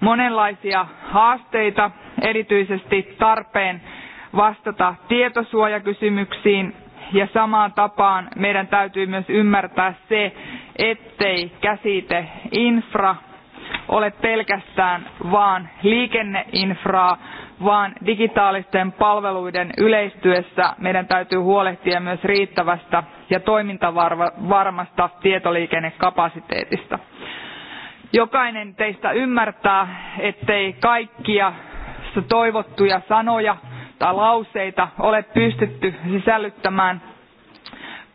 monenlaisia haasteita, erityisesti tarpeen vastata tietosuojakysymyksiin, ja samaan tapaan meidän täytyy myös ymmärtää se, ettei käsite infra ole pelkästään vaan liikenneinfraa, vaan digitaalisten palveluiden yleistyessä meidän täytyy huolehtia myös riittävästä ja toimintavarmasta tietoliikennekapasiteetista. Jokainen teistä ymmärtää, ettei kaikkia toivottuja sanoja tai lauseita ole pystytty sisällyttämään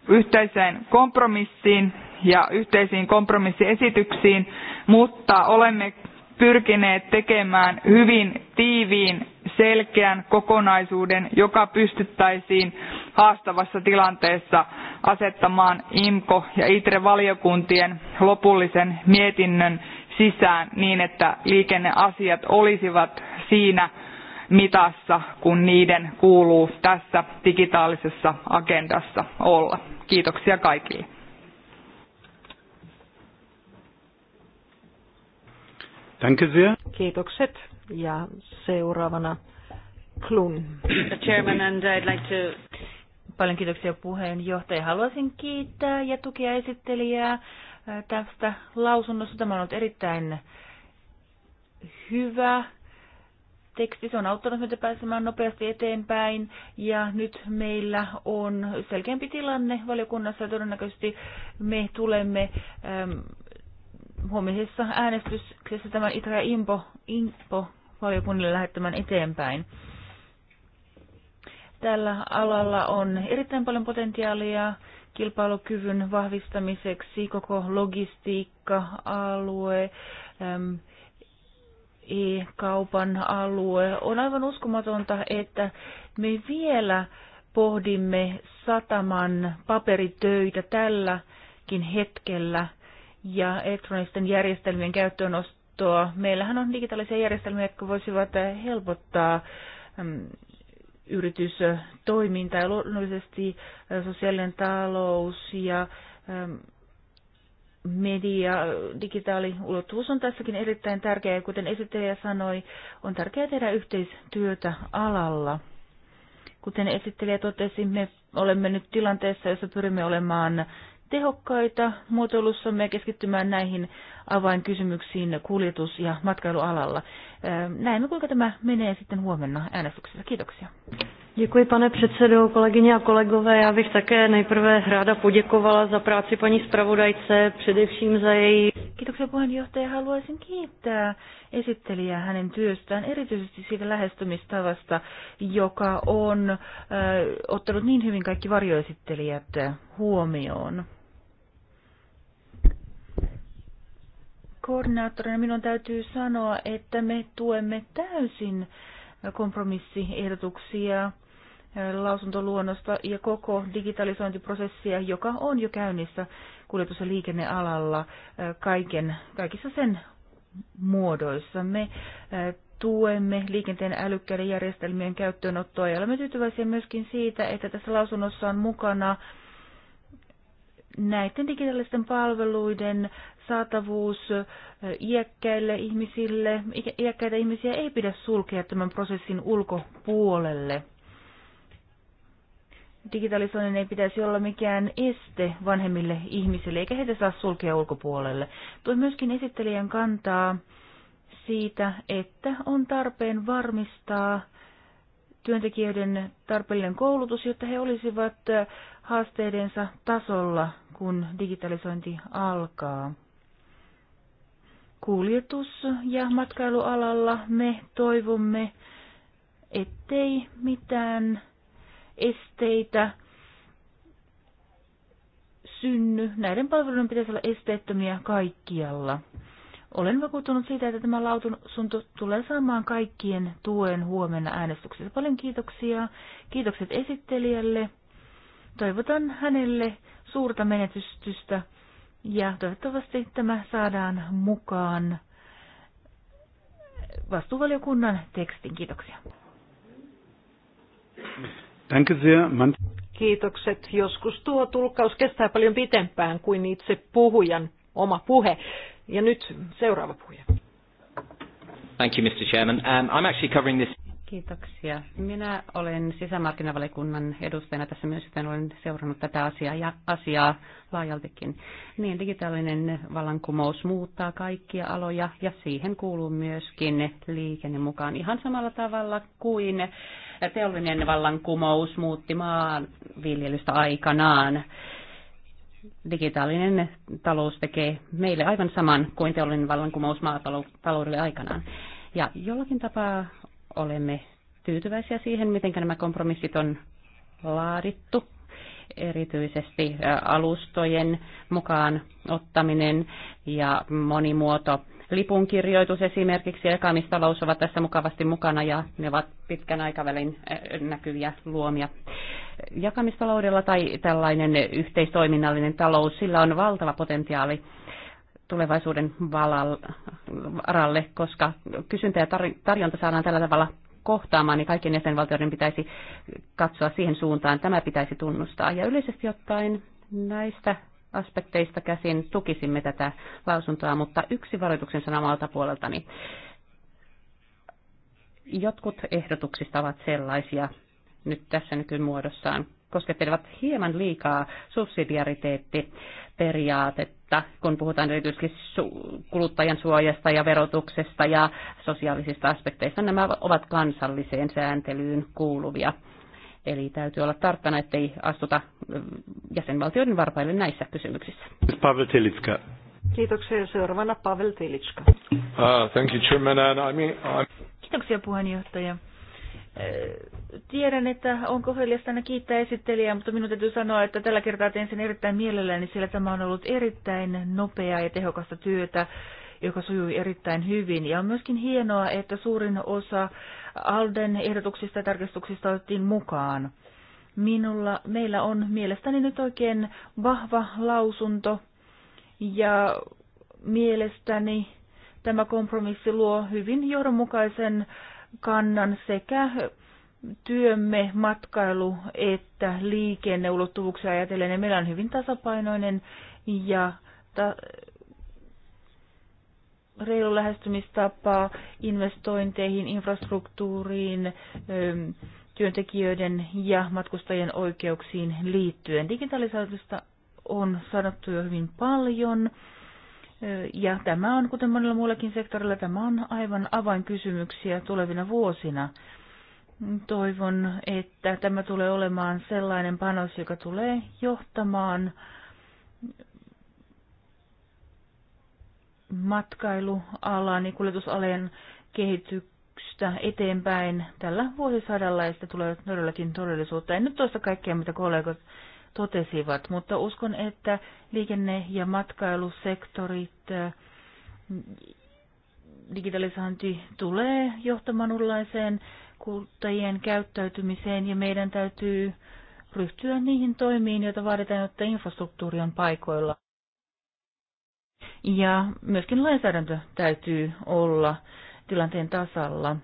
yhteiseen kompromissiin ja yhteisiin kompromissiesityksiin, mutta olemme pyrkineet tekemään hyvin tiiviin, selkeän kokonaisuuden, joka pystyttäisiin haastavassa tilanteessa asettamaan IMKO- ja ITRE-valiokuntien lopullisen mietinnön sisään niin, että liikenneasiat olisivat siinä mitassa kun niiden kuuluu tässä digitaalisessa agendassa olla. Kiitoksia kaikille. Kiitokset. Ja seuraavana Klun. Chairman and I'd like to... Paljon kiitoksia puheenjohtaja. Haluaisin kiittää ja tukia esittelijää äh, tästä lausunnosta. Tämä on ollut erittäin hyvä teksti. Se on auttanut meitä pääsemään nopeasti eteenpäin ja nyt meillä on selkeämpi tilanne valiokunnassa ja todennäköisesti me tulemme äm, huomisessa äänestyksessä tämän ITRA ja IMPO, IMPO valiokunnille lähettämään eteenpäin. Tällä alalla on erittäin paljon potentiaalia kilpailukyvyn vahvistamiseksi, koko logistiikka-alue, äm, e-kaupan alue. On aivan uskomatonta, että me vielä pohdimme sataman paperitöitä tälläkin hetkellä ja elektronisten järjestelmien käyttöönostoa. Meillähän on digitaalisia järjestelmiä, jotka voisivat helpottaa yritystoimintaa ja luonnollisesti sosiaalinen talous ja media, ulottuvuus on tässäkin erittäin tärkeä ja kuten esittelijä sanoi, on tärkeää tehdä yhteistyötä alalla. Kuten esittelijä totesi, me olemme nyt tilanteessa, jossa pyrimme olemaan tehokkaita muotoilussamme ja keskittymään näihin avainkysymyksiin kuljetus- ja matkailualalla. Näemme, kuinka tämä menee sitten huomenna äänestyksessä. Kiitoksia. Děkuji, pane předsedo, kolegyně a kolegové. Já bych také nejprve ráda poděkovala za práci paní zpravodajce, především za její... Kiitoksia puheenjohtaja. Haluaisin kiittää esittelijää hänen työstään, erityisesti siitä lähestymistavasta, joka on äh, ottanut niin hyvin kaikki varjoesittelijät huomioon. koordinaattorina minun täytyy sanoa, että me tuemme täysin kompromissiehdotuksia lausuntoluonnosta ja koko digitalisointiprosessia, joka on jo käynnissä kuljetus- ja liikennealalla kaiken, kaikissa sen muodoissa. Me tuemme liikenteen älykkäiden järjestelmien käyttöönottoa ja olemme tyytyväisiä myöskin siitä, että tässä lausunnossa on mukana näiden digitaalisten palveluiden saatavuus iäkkäille ihmisille. Iäkkäitä ihmisiä ei pidä sulkea tämän prosessin ulkopuolelle. Digitalisoinnin ei pitäisi olla mikään este vanhemmille ihmisille, eikä heitä saa sulkea ulkopuolelle. Tuo myöskin esittelijän kantaa siitä, että on tarpeen varmistaa työntekijöiden tarpeellinen koulutus, jotta he olisivat haasteidensa tasolla, kun digitalisointi alkaa kuljetus- ja matkailualalla me toivomme, ettei mitään esteitä synny. Näiden palveluiden pitäisi olla esteettömiä kaikkialla. Olen vakuuttunut siitä, että tämä lausunto tulee saamaan kaikkien tuen huomenna äänestyksessä. Paljon kiitoksia. Kiitokset esittelijälle. Toivotan hänelle suurta menetystystä. Ja toivottavasti tämä saadaan mukaan vastuuvaliokunnan tekstin. Kiitoksia. Danke sehr. Man... Kiitokset. Joskus tuo tulkkaus kestää paljon pitempään kuin itse puhujan oma puhe. Ja nyt seuraava puhuja. Thank you, Mr. Chairman. Um, I'm actually covering this. Kiitoksia. Minä olen sisämarkkinavalikunnan edustajana tässä myös, joten olen seurannut tätä asiaa, ja asiaa laajaltikin. Niin, digitaalinen vallankumous muuttaa kaikkia aloja ja siihen kuuluu myöskin liikenne mukaan ihan samalla tavalla kuin teollinen vallankumous muutti viljelystä aikanaan. Digitaalinen talous tekee meille aivan saman kuin teollinen vallankumous maataloudelle aikanaan. Ja jollakin tapaa Olemme tyytyväisiä siihen, miten nämä kompromissit on laadittu erityisesti alustojen mukaan ottaminen ja monimuoto. Lipunkirjoitus esimerkiksi ja jakamistalous ovat tässä mukavasti mukana ja ne ovat pitkän aikavälin näkyviä luomia. Jakamistaloudella tai tällainen yhteistoiminnallinen talous, sillä on valtava potentiaali tulevaisuuden varalle, koska kysyntä ja tarjonta saadaan tällä tavalla kohtaamaan, niin kaikkien jäsenvaltioiden pitäisi katsoa siihen suuntaan. Tämä pitäisi tunnustaa. Ja yleisesti ottaen näistä aspekteista käsin tukisimme tätä lausuntoa, mutta yksi varoituksen sana omalta puoleltani. Jotkut ehdotuksista ovat sellaisia nyt tässä nykymuodossaan koskettelevat hieman liikaa subsidiariteettiperiaatetta mutta kun puhutaan erityisesti kuluttajan suojasta ja verotuksesta ja sosiaalisista aspekteista, nämä ovat kansalliseen sääntelyyn kuuluvia. Eli täytyy olla tarkkana, ettei astuta mm, jäsenvaltioiden varpaille näissä kysymyksissä. Pavel Tilitska. Kiitoksia. Seuraavana Pavel Tilitska. Uh, thank you, Chairman. I mean, I'm... Kiitoksia puheenjohtaja. Tiedän, että on kohdellista aina kiittää esittelijää, mutta minun täytyy sanoa, että tällä kertaa teen sen erittäin mielelläni, sillä tämä on ollut erittäin nopeaa ja tehokasta työtä, joka sujui erittäin hyvin. Ja on myöskin hienoa, että suurin osa Alden ehdotuksista ja tarkistuksista otettiin mukaan. Minulla, meillä on mielestäni nyt oikein vahva lausunto ja mielestäni tämä kompromissi luo hyvin johdonmukaisen äh, kannan sekä työmme, matkailu että liikenneulottuvuuksia ajatellen. Ja meillä on hyvin tasapainoinen ja ta- reilu lähestymistapa investointeihin, infrastruktuuriin, työntekijöiden ja matkustajien oikeuksiin liittyen. Digitalisaatiosta on sanottu jo hyvin paljon. Ja tämä on, kuten monella muullakin sektorilla, tämä on aivan avainkysymyksiä tulevina vuosina. Toivon, että tämä tulee olemaan sellainen panos, joka tulee johtamaan matkailualan ja kuljetusalan kehitystä eteenpäin tällä vuosisadalla ja sitä tulee todellakin todellisuutta. En nyt toista kaikkea, mitä kollegat totesivat, mutta uskon, että liikenne- ja matkailusektorit, äh, digitalisointi tulee johtamaan uudenlaiseen kuluttajien käyttäytymiseen ja meidän täytyy ryhtyä niihin toimiin, joita vaaditaan, jotta infrastruktuuri on paikoilla. Ja myöskin lainsäädäntö täytyy olla tilanteen tasalla.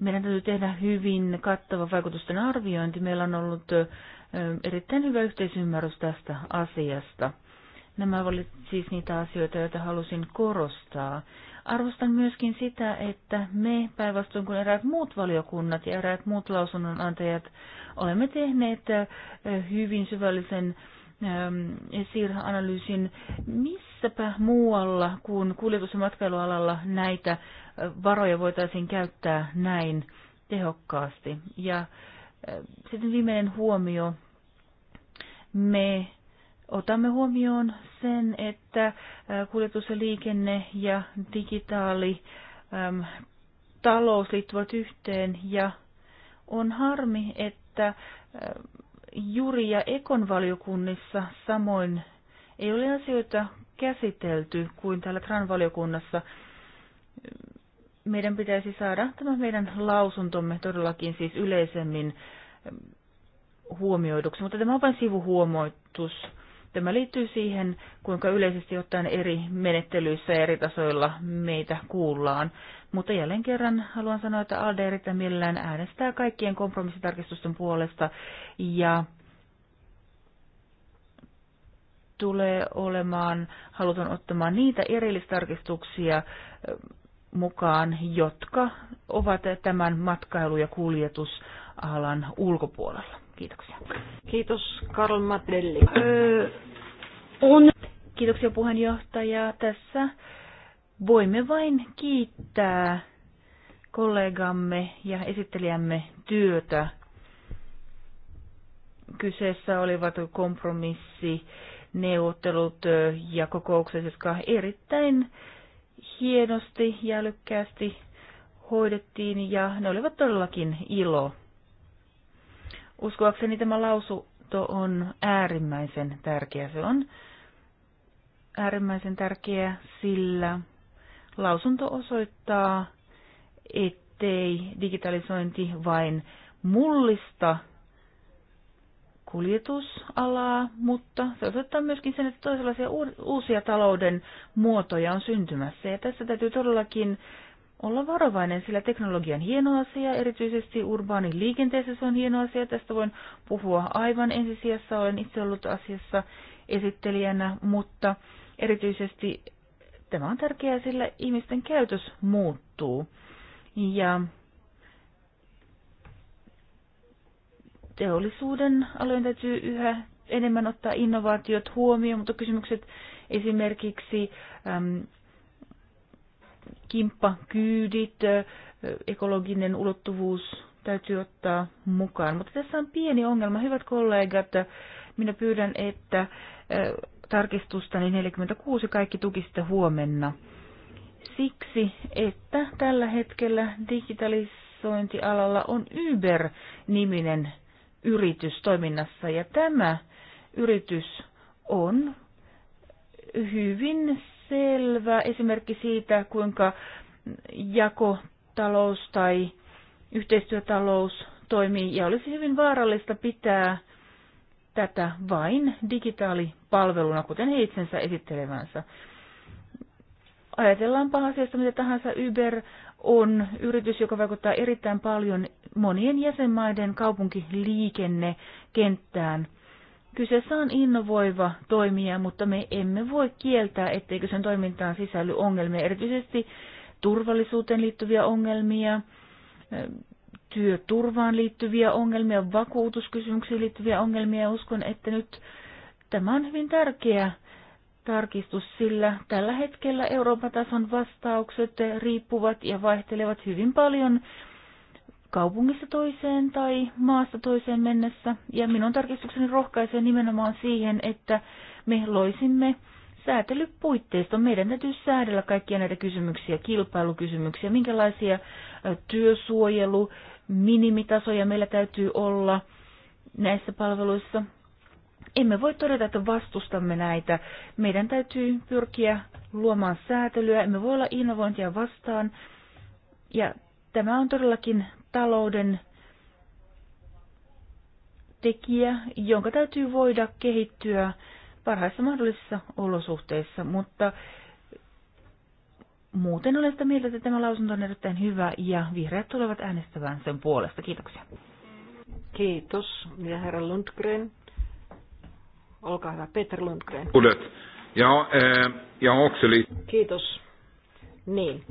Meidän täytyy tehdä hyvin kattava vaikutusten arviointi. Meillä on ollut erittäin hyvä yhteisymmärrys tästä asiasta. Nämä olivat siis niitä asioita, joita halusin korostaa. Arvostan myöskin sitä, että me, päinvastoin kuin eräät muut valiokunnat ja eräät muut lausunnonantajat, olemme tehneet hyvin syvällisen esiranalyysin, ähm, analyysin missäpä muualla kuin kuljetus- ja matkailualalla näitä varoja voitaisiin käyttää näin tehokkaasti. Ja sitten viimeinen huomio. Me otamme huomioon sen, että äh, kuljetus ja liikenne ja digitaali äm, talous liittyvät yhteen ja on harmi, että äh, juri- ja ekonvaliokunnissa samoin ei ole asioita käsitelty kuin täällä TRAN-valiokunnassa meidän pitäisi saada tämä meidän lausuntomme todellakin siis yleisemmin ähm, huomioiduksi, mutta tämä on vain sivuhuomoitus. Tämä liittyy siihen, kuinka yleisesti ottaen eri menettelyissä ja eri tasoilla meitä kuullaan. Mutta jälleen kerran haluan sanoa, että ALDE erittäin mielellään äänestää kaikkien kompromissitarkistusten puolesta ja tulee olemaan halutaan ottamaan niitä erillistarkistuksia mukaan, jotka ovat tämän matkailu- ja kuljetusalan ulkopuolella. Kiitoksia. Kiitos Karl Matelli. Öö, on... Kiitoksia puheenjohtaja. Tässä voimme vain kiittää kollegamme ja esittelijämme työtä. Kyseessä olivat kompromissi, neuvottelut ja kokoukset, jotka erittäin hienosti ja älykkäästi hoidettiin ja ne olivat todellakin ilo. Uskoakseni tämä lausunto on äärimmäisen tärkeä. Se on äärimmäisen tärkeä, sillä lausunto osoittaa, ettei digitalisointi vain mullista kuljetusalaa, mutta se osoittaa myöskin sen, että toisenlaisia uusia talouden muotoja on syntymässä. Ja tässä täytyy todellakin olla varovainen, sillä teknologia on hieno asia, erityisesti urbaanin liikenteessä se on hieno asia. Tästä voin puhua aivan ensisijassa, olen itse ollut asiassa esittelijänä, mutta erityisesti tämä on tärkeää, sillä ihmisten käytös muuttuu. Ja teollisuuden alojen täytyy yhä enemmän ottaa innovaatiot huomioon, mutta kysymykset esimerkiksi äm, kimppakyydit, ekologinen ulottuvuus täytyy ottaa mukaan. Mutta tässä on pieni ongelma. Hyvät kollegat, minä pyydän, että tarkistustani 46 kaikki tukisitte huomenna. Siksi, että tällä hetkellä digitalisointialalla on Uber-niminen yritystoiminnassa. Ja tämä yritys on hyvin selvä esimerkki siitä, kuinka jakotalous tai yhteistyötalous toimii ja olisi hyvin vaarallista pitää tätä vain digitaalipalveluna, kuten he itsensä esittelevänsä. Ajatellaanpa asiasta mitä tahansa Uber on yritys, joka vaikuttaa erittäin paljon monien jäsenmaiden kaupunkiliikennekenttään. Kyseessä on innovoiva toimija, mutta me emme voi kieltää, etteikö sen toimintaan sisälly ongelmia, erityisesti turvallisuuteen liittyviä ongelmia, työturvaan liittyviä ongelmia, vakuutuskysymyksiin liittyviä ongelmia. Uskon, että nyt tämä on hyvin tärkeä tarkistus, sillä tällä hetkellä Euroopan tason vastaukset riippuvat ja vaihtelevat hyvin paljon kaupungista toiseen tai maasta toiseen mennessä. Ja minun tarkistukseni rohkaisee nimenomaan siihen, että me loisimme säätelypuitteista. Meidän täytyy säädellä kaikkia näitä kysymyksiä, kilpailukysymyksiä, minkälaisia työsuojelu, minimitasoja meillä täytyy olla näissä palveluissa. Emme voi todeta, että vastustamme näitä. Meidän täytyy pyrkiä luomaan säätelyä. Emme voi olla innovointia vastaan. Ja tämä on todellakin talouden tekijä, jonka täytyy voida kehittyä parhaissa mahdollisissa olosuhteissa, mutta muuten olen sitä mieltä, että tämä lausunto on erittäin hyvä ja vihreät tulevat äänestämään sen puolesta. Kiitoksia. Kiitos. Ja herra Lundgren. Olkaa hyvä, Peter Lundgren. Ja, eh, ja Okseli. Kiitos. Niin.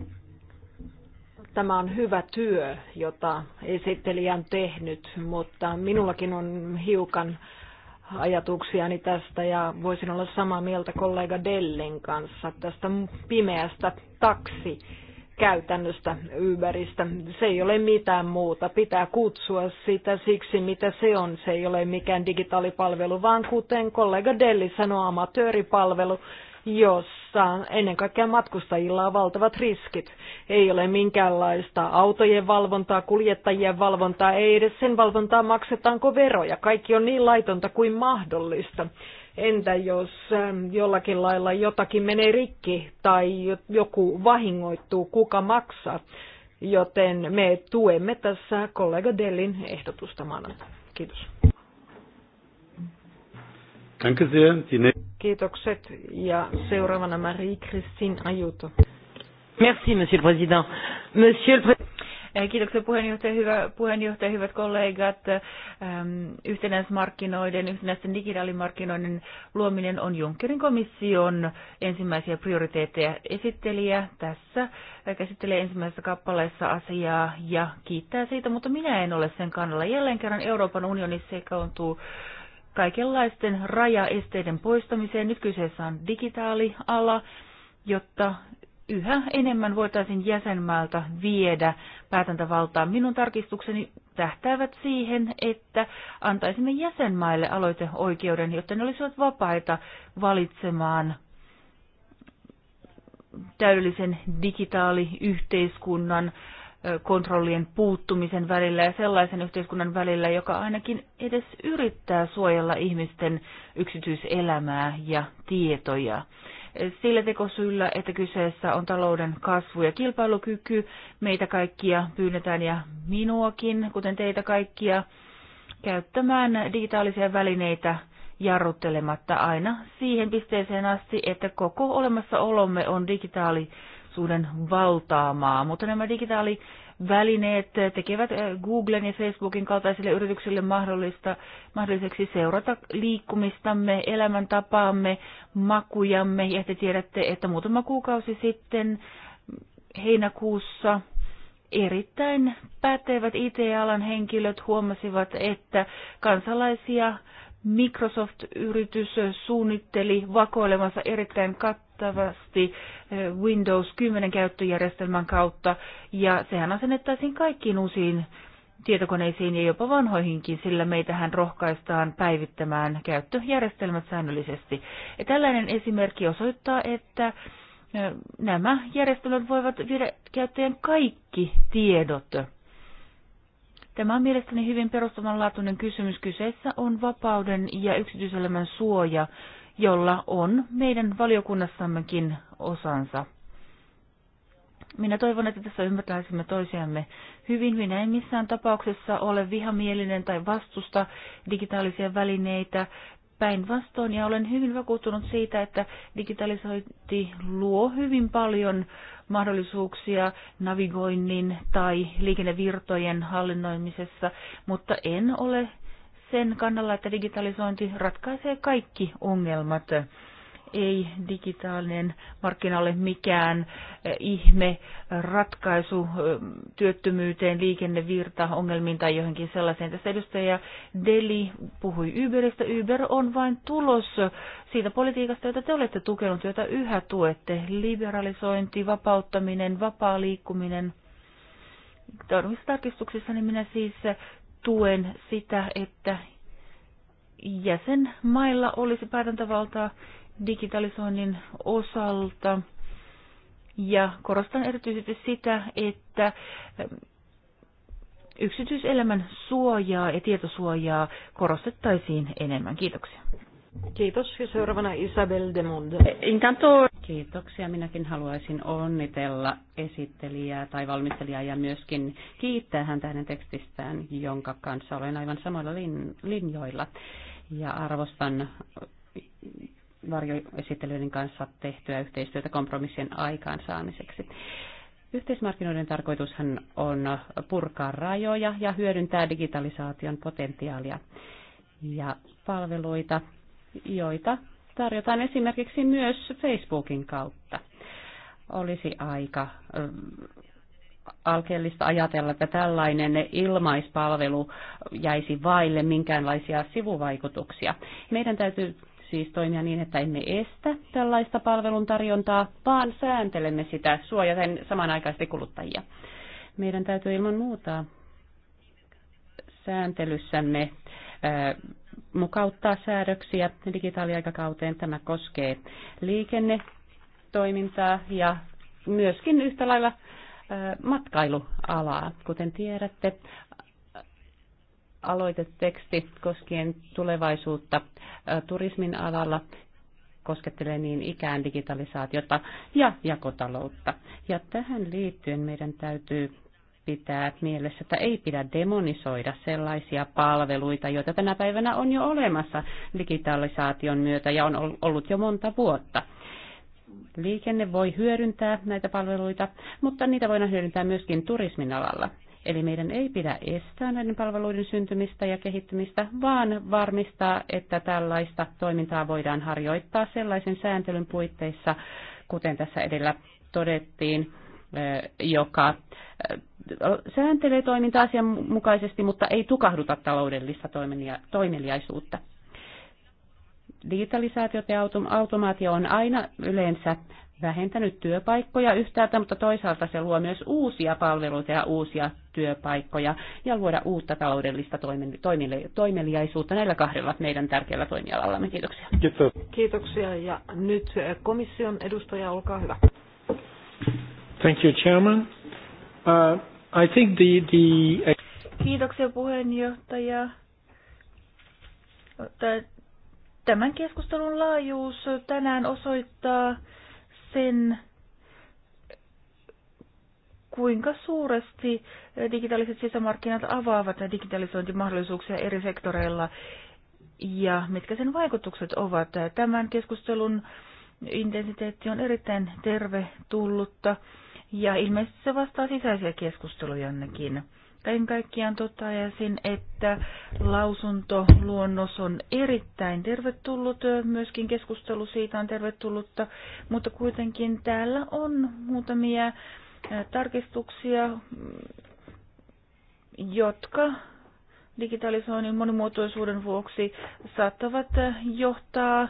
Tämä on hyvä työ, jota esittelijä on tehnyt, mutta minullakin on hiukan ajatuksiani tästä ja voisin olla samaa mieltä kollega Dellin kanssa tästä pimeästä taksi käytännöstä Uberistä. Se ei ole mitään muuta. Pitää kutsua sitä siksi, mitä se on. Se ei ole mikään digitaalipalvelu, vaan kuten kollega Delli sanoi, amatööripalvelu, jossa ennen kaikkea matkustajilla on valtavat riskit. Ei ole minkäänlaista autojen valvontaa, kuljettajien valvontaa, ei edes sen valvontaa maksetaanko veroja. Kaikki on niin laitonta kuin mahdollista. Entä jos ähm, jollakin lailla jotakin menee rikki tai joku vahingoittuu, kuka maksaa? Joten me tuemme tässä kollega Dellin ehdotusta maanantaina. Kiitos. Danke sehr. Die Kiitokset. Ja seuraavana Marie-Christine Ajuto. Merci, monsieur le président. Monsieur le eh, Kiitoksia puheenjohtaja, hyvä, puheenjohtaja hyvät kollegat. Yhtenäismarkkinoiden, yhtenäisten digitaalimarkkinoiden luominen on Junckerin komission ensimmäisiä prioriteetteja. Esittelijä tässä käsittelee ensimmäisessä kappaleessa asiaa ja kiittää siitä, mutta minä en ole sen kannalla. Jälleen kerran Euroopan unionissa sekaantuu äh, kaikenlaisten rajaesteiden poistamiseen. Nyt kyseessä on digitaaliala, jotta yhä enemmän voitaisiin jäsenmaalta viedä päätäntävaltaa. Minun tarkistukseni tähtäävät siihen, että antaisimme jäsenmaille aloiteoikeuden, jotta ne olisivat vapaita valitsemaan täydellisen digitaaliyhteiskunnan kontrollien puuttumisen välillä ja sellaisen yhteiskunnan välillä, joka ainakin edes yrittää suojella ihmisten yksityiselämää ja tietoja. Sillä tekosyllä, että kyseessä on talouden kasvu ja kilpailukyky, meitä kaikkia pyydetään ja minuakin, kuten teitä kaikkia, käyttämään digitaalisia välineitä jarruttelematta aina siihen pisteeseen asti, että koko olemassaolomme on digitaali tietoisuuden valtaamaa, mutta nämä digitaali välineet tekevät eh, Googlen ja Facebookin kaltaisille yrityksille mahdollista, mahdolliseksi seurata liikkumistamme, elämäntapaamme, makujamme. Ja te tiedätte, että muutama kuukausi sitten heinäkuussa erittäin pätevät IT-alan henkilöt huomasivat, että kansalaisia Microsoft-yritys suunnitteli vakoilemassa erittäin kattavasti kattavasti eh, Windows 10 käyttöjärjestelmän kautta, ja sehän asennettaisiin kaikkiin uusiin tietokoneisiin ja jopa vanhoihinkin, sillä meitähän rohkaistaan päivittämään käyttöjärjestelmät säännöllisesti. Ja tällainen esimerkki osoittaa, että eh, nämä järjestelmät voivat viedä käyttäjän kaikki tiedot. Tämä on mielestäni hyvin perustavanlaatuinen kysymys. Kyseessä on vapauden ja yksityiselämän suoja jolla on meidän valiokunnassammekin osansa. Minä toivon, että tässä ymmärtäisimme toisiamme hyvin. Minä en missään tapauksessa ole vihamielinen tai vastusta digitaalisia välineitä päinvastoin ja olen hyvin vakuuttunut siitä, että digitalisointi luo hyvin paljon mahdollisuuksia navigoinnin tai liikennevirtojen hallinnoimisessa, mutta en ole sen kannalla, että digitalisointi ratkaisee kaikki ongelmat. Ei digitaalinen markkinalle mikään eh, ihme ratkaisu eh, työttömyyteen, liikennevirta, ongelmiin tai johonkin sellaiseen. Tässä edustaja Deli puhui Uberistä. Uber on vain tulos siitä politiikasta, jota te olette tukenut, jota yhä tuette. Liberalisointi, vapauttaminen, vapaa liikkuminen tarkistuksissa, niin minä siis tuen sitä, että jäsenmailla olisi päätäntävaltaa digitalisoinnin osalta. Ja korostan erityisesti sitä, että ähm, yksityiselämän suojaa ja tietosuojaa korostettaisiin enemmän. Kiitoksia. Kiitos. Ja seuraavana Isabel de Monde. Intanto... Kiitoksia. Minäkin haluaisin onnitella esittelijää tai valmistelijaa ja myöskin kiittää häntä hänen tekstistään, jonka kanssa olen aivan samoilla lin, linjoilla. Ja arvostan varjoesittelyiden kanssa tehtyä yhteistyötä kompromissien aikaansaamiseksi. Yhteismarkkinoiden tarkoitushan on purkaa rajoja ja hyödyntää digitalisaation potentiaalia ja palveluita joita tarjotaan esimerkiksi myös Facebookin kautta. Olisi aika ähm, alkeellista ajatella, että tällainen ilmaispalvelu jäisi vaille minkäänlaisia sivuvaikutuksia. Meidän täytyy siis toimia niin, että emme estä tällaista palvelun tarjontaa, vaan sääntelemme sitä suojaten samanaikaisesti kuluttajia. Meidän täytyy ilman muuta sääntelyssämme äh, mukauttaa säädöksiä digitaaliaikakauteen. Tämä koskee liikennetoimintaa ja myöskin yhtä lailla matkailualaa. Kuten tiedätte, aloiteteksti koskien tulevaisuutta turismin alalla koskettelee niin ikään digitalisaatiota ja jakotaloutta. Ja tähän liittyen meidän täytyy pitää mielessä, että ei pidä demonisoida sellaisia palveluita, joita tänä päivänä on jo olemassa digitalisaation myötä ja on ollut jo monta vuotta. Liikenne voi hyödyntää näitä palveluita, mutta niitä voidaan hyödyntää myöskin turismin alalla. Eli meidän ei pidä estää näiden palveluiden syntymistä ja kehittymistä, vaan varmistaa, että tällaista toimintaa voidaan harjoittaa sellaisen sääntelyn puitteissa, kuten tässä edellä todettiin, joka sääntelee toimintaa asianmukaisesti, mutta ei tukahduta taloudellista toimeliaisuutta. Digitalisaatio ja automaatio on aina yleensä vähentänyt työpaikkoja yhtäältä, mutta toisaalta se luo myös uusia palveluita ja uusia työpaikkoja ja luoda uutta taloudellista toimeliaisuutta näillä kahdella meidän tärkeällä toimialallamme. Kiitoksia. Kiitos. Kiitoksia ja nyt komission edustaja, olkaa hyvä. Thank you, Chairman. Uh, I think the, the... Kiitoksia puheenjohtaja. Tämän keskustelun laajuus tänään osoittaa sen, kuinka suuresti digitaaliset sisämarkkinat avaavat digitalisointimahdollisuuksia eri sektoreilla ja mitkä sen vaikutukset ovat. Tämän keskustelun intensiteetti on erittäin tervetullutta. Ja ilmeisesti se vastaa sisäisiä keskustelujannekin. Kaiken kaikkiaan toteaisin, että lausuntoluonnos on erittäin tervetullut, myöskin keskustelu siitä on tervetullutta, mutta kuitenkin täällä on muutamia tarkistuksia, mm, jotka digitalisoinnin monimuotoisuuden vuoksi saattavat johtaa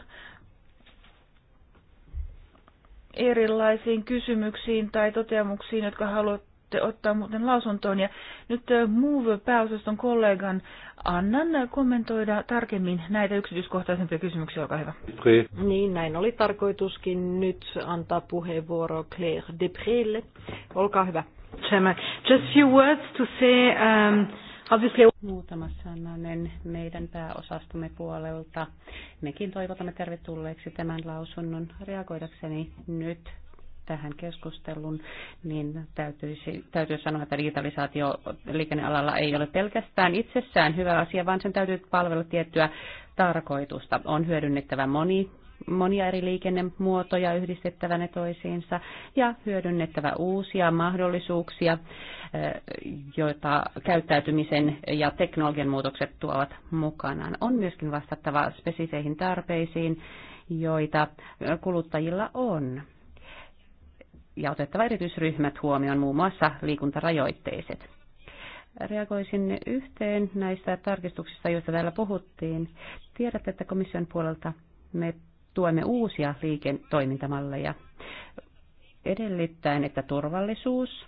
erilaisiin kysymyksiin tai toteamuksiin, jotka haluatte ottaa muuten lausuntoon. Ja nyt äh, Move-pääosaston kollegan annan kommentoida tarkemmin näitä yksityiskohtaisempia kysymyksiä. Olkaa hyvä. Niin, näin oli tarkoituskin nyt antaa puheenvuoro Claire Deprille. Olkaa hyvä. Just few words to say, um, Obviously... Muutama sananen meidän pääosastomme puolelta. Mekin toivotamme tervetulleeksi tämän lausunnon reagoidakseni nyt tähän keskusteluun, niin täytyisi, täytyy sanoa, että digitalisaatio liikennealalla ei ole pelkästään itsessään hyvä asia, vaan sen täytyy palvella tiettyä tarkoitusta. On hyödynnettävä moni monia eri liikennemuotoja yhdistettävä ne toisiinsa ja hyödynnettävä uusia mahdollisuuksia, eh, joita käyttäytymisen ja teknologian muutokset tuovat mukanaan. On myöskin vastattava spesifeihin tarpeisiin, joita kuluttajilla on ja otettava erityisryhmät huomioon, muun muassa liikuntarajoitteiset. Reagoisin yhteen näistä tarkistuksista, joista täällä puhuttiin. Tiedätte, että komission puolelta me tuemme uusia liiketoimintamalleja edellyttäen, että turvallisuus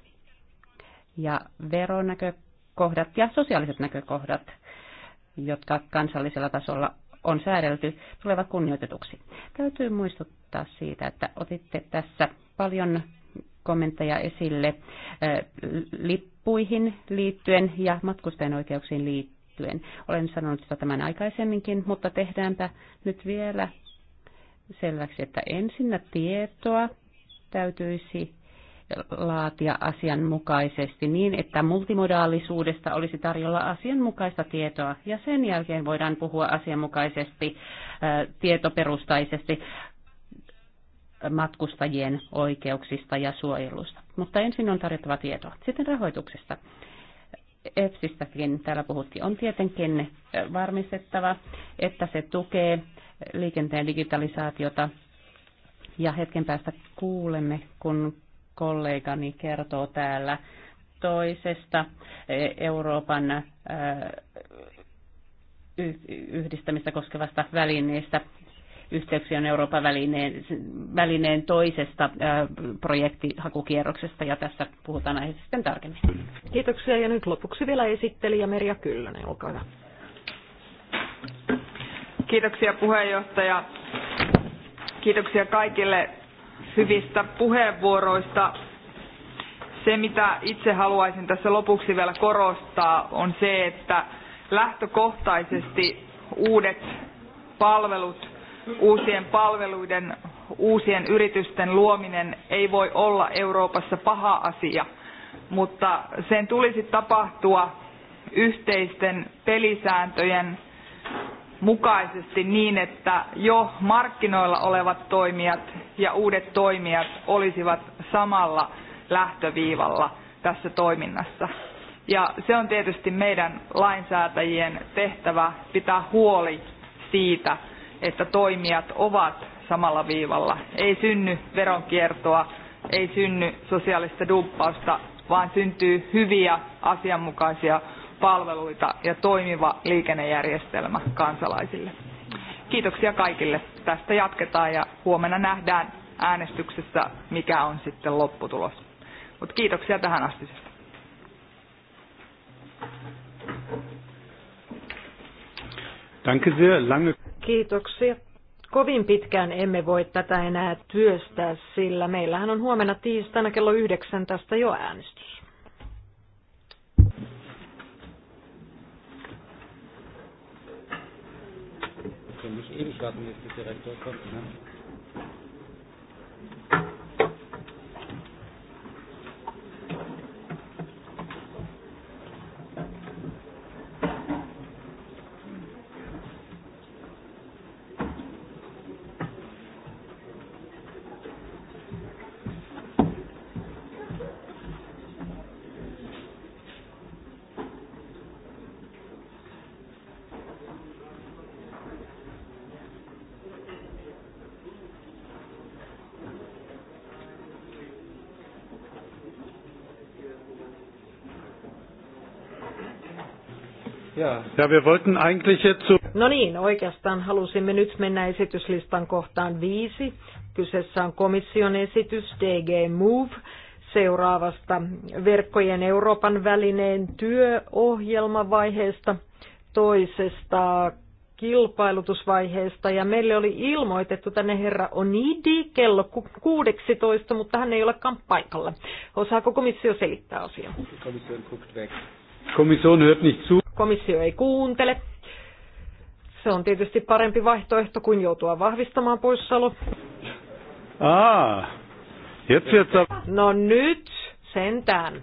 ja veronäkökohdat ja sosiaaliset näkökohdat, jotka kansallisella tasolla on säädelty, tulevat kunnioitetuksi. Täytyy muistuttaa siitä, että otitte tässä paljon kommentteja esille lippuihin liittyen ja matkustajan oikeuksiin liittyen. Olen sanonut sitä tämän aikaisemminkin, mutta tehdäänpä nyt vielä selväksi, että ensinnä tietoa täytyisi laatia asianmukaisesti niin, että multimodaalisuudesta olisi tarjolla asianmukaista tietoa ja sen jälkeen voidaan puhua asianmukaisesti, tietoperustaisesti matkustajien oikeuksista ja suojelusta. Mutta ensin on tarjottava tietoa. Sitten rahoituksesta. EFSistäkin täällä puhuttiin. On tietenkin varmistettava, että se tukee liikenteen digitalisaatiota. Ja hetken päästä kuulemme, kun kollegani kertoo täällä toisesta e, Euroopan yhdistämistä koskevasta välineestä, yhteyksien Euroopan välineen, välineen toisesta projektihakukierroksesta, ja tässä puhutaan aiheesta sitten tarkemmin. Kiitoksia, ja nyt lopuksi vielä esittelijä Merja Kyllönen, olkaa hyvä. Kiitoksia puheenjohtaja. Kiitoksia kaikille hyvistä puheenvuoroista. Se, mitä itse haluaisin tässä lopuksi vielä korostaa, on se, että lähtökohtaisesti uudet palvelut, uusien palveluiden, uusien yritysten luominen ei voi olla Euroopassa paha asia, mutta sen tulisi tapahtua yhteisten pelisääntöjen mukaisesti niin, että jo markkinoilla olevat toimijat ja uudet toimijat olisivat samalla lähtöviivalla tässä toiminnassa. Ja se on tietysti meidän lainsäätäjien tehtävä pitää huoli siitä, että toimijat ovat samalla viivalla. Ei synny veronkiertoa, ei synny sosiaalista dumppausta, vaan syntyy hyviä asianmukaisia palveluita ja toimiva liikennejärjestelmä kansalaisille. Kiitoksia kaikille. Tästä jatketaan ja huomenna nähdään äänestyksessä, mikä on sitten lopputulos. Mutta kiitoksia tähän asti. Kiitoksia. Kovin pitkään emme voi tätä enää työstää, sillä meillähän on huomenna tiistaina kello yhdeksän tästä jo äänestys. können nicht ewig warten, bis kommt. Ne? Ja, wir wollten eigentlich jetzt so... No niin, oikeastaan halusimme nyt mennä esityslistan kohtaan viisi. Kyseessä on komission esitys DG Move seuraavasta verkkojen Euroopan välineen työohjelmavaiheesta, toisesta kilpailutusvaiheesta ja meille oli ilmoitettu tänne herra Onidi kello 16, mutta hän ei olekaan paikalla. Osaako komissio selittää asiaa? Komission hört nicht zu komissio ei kuuntele. Se on tietysti parempi vaihtoehto kuin joutua vahvistamaan poissaolo. Ah, No nyt sentään.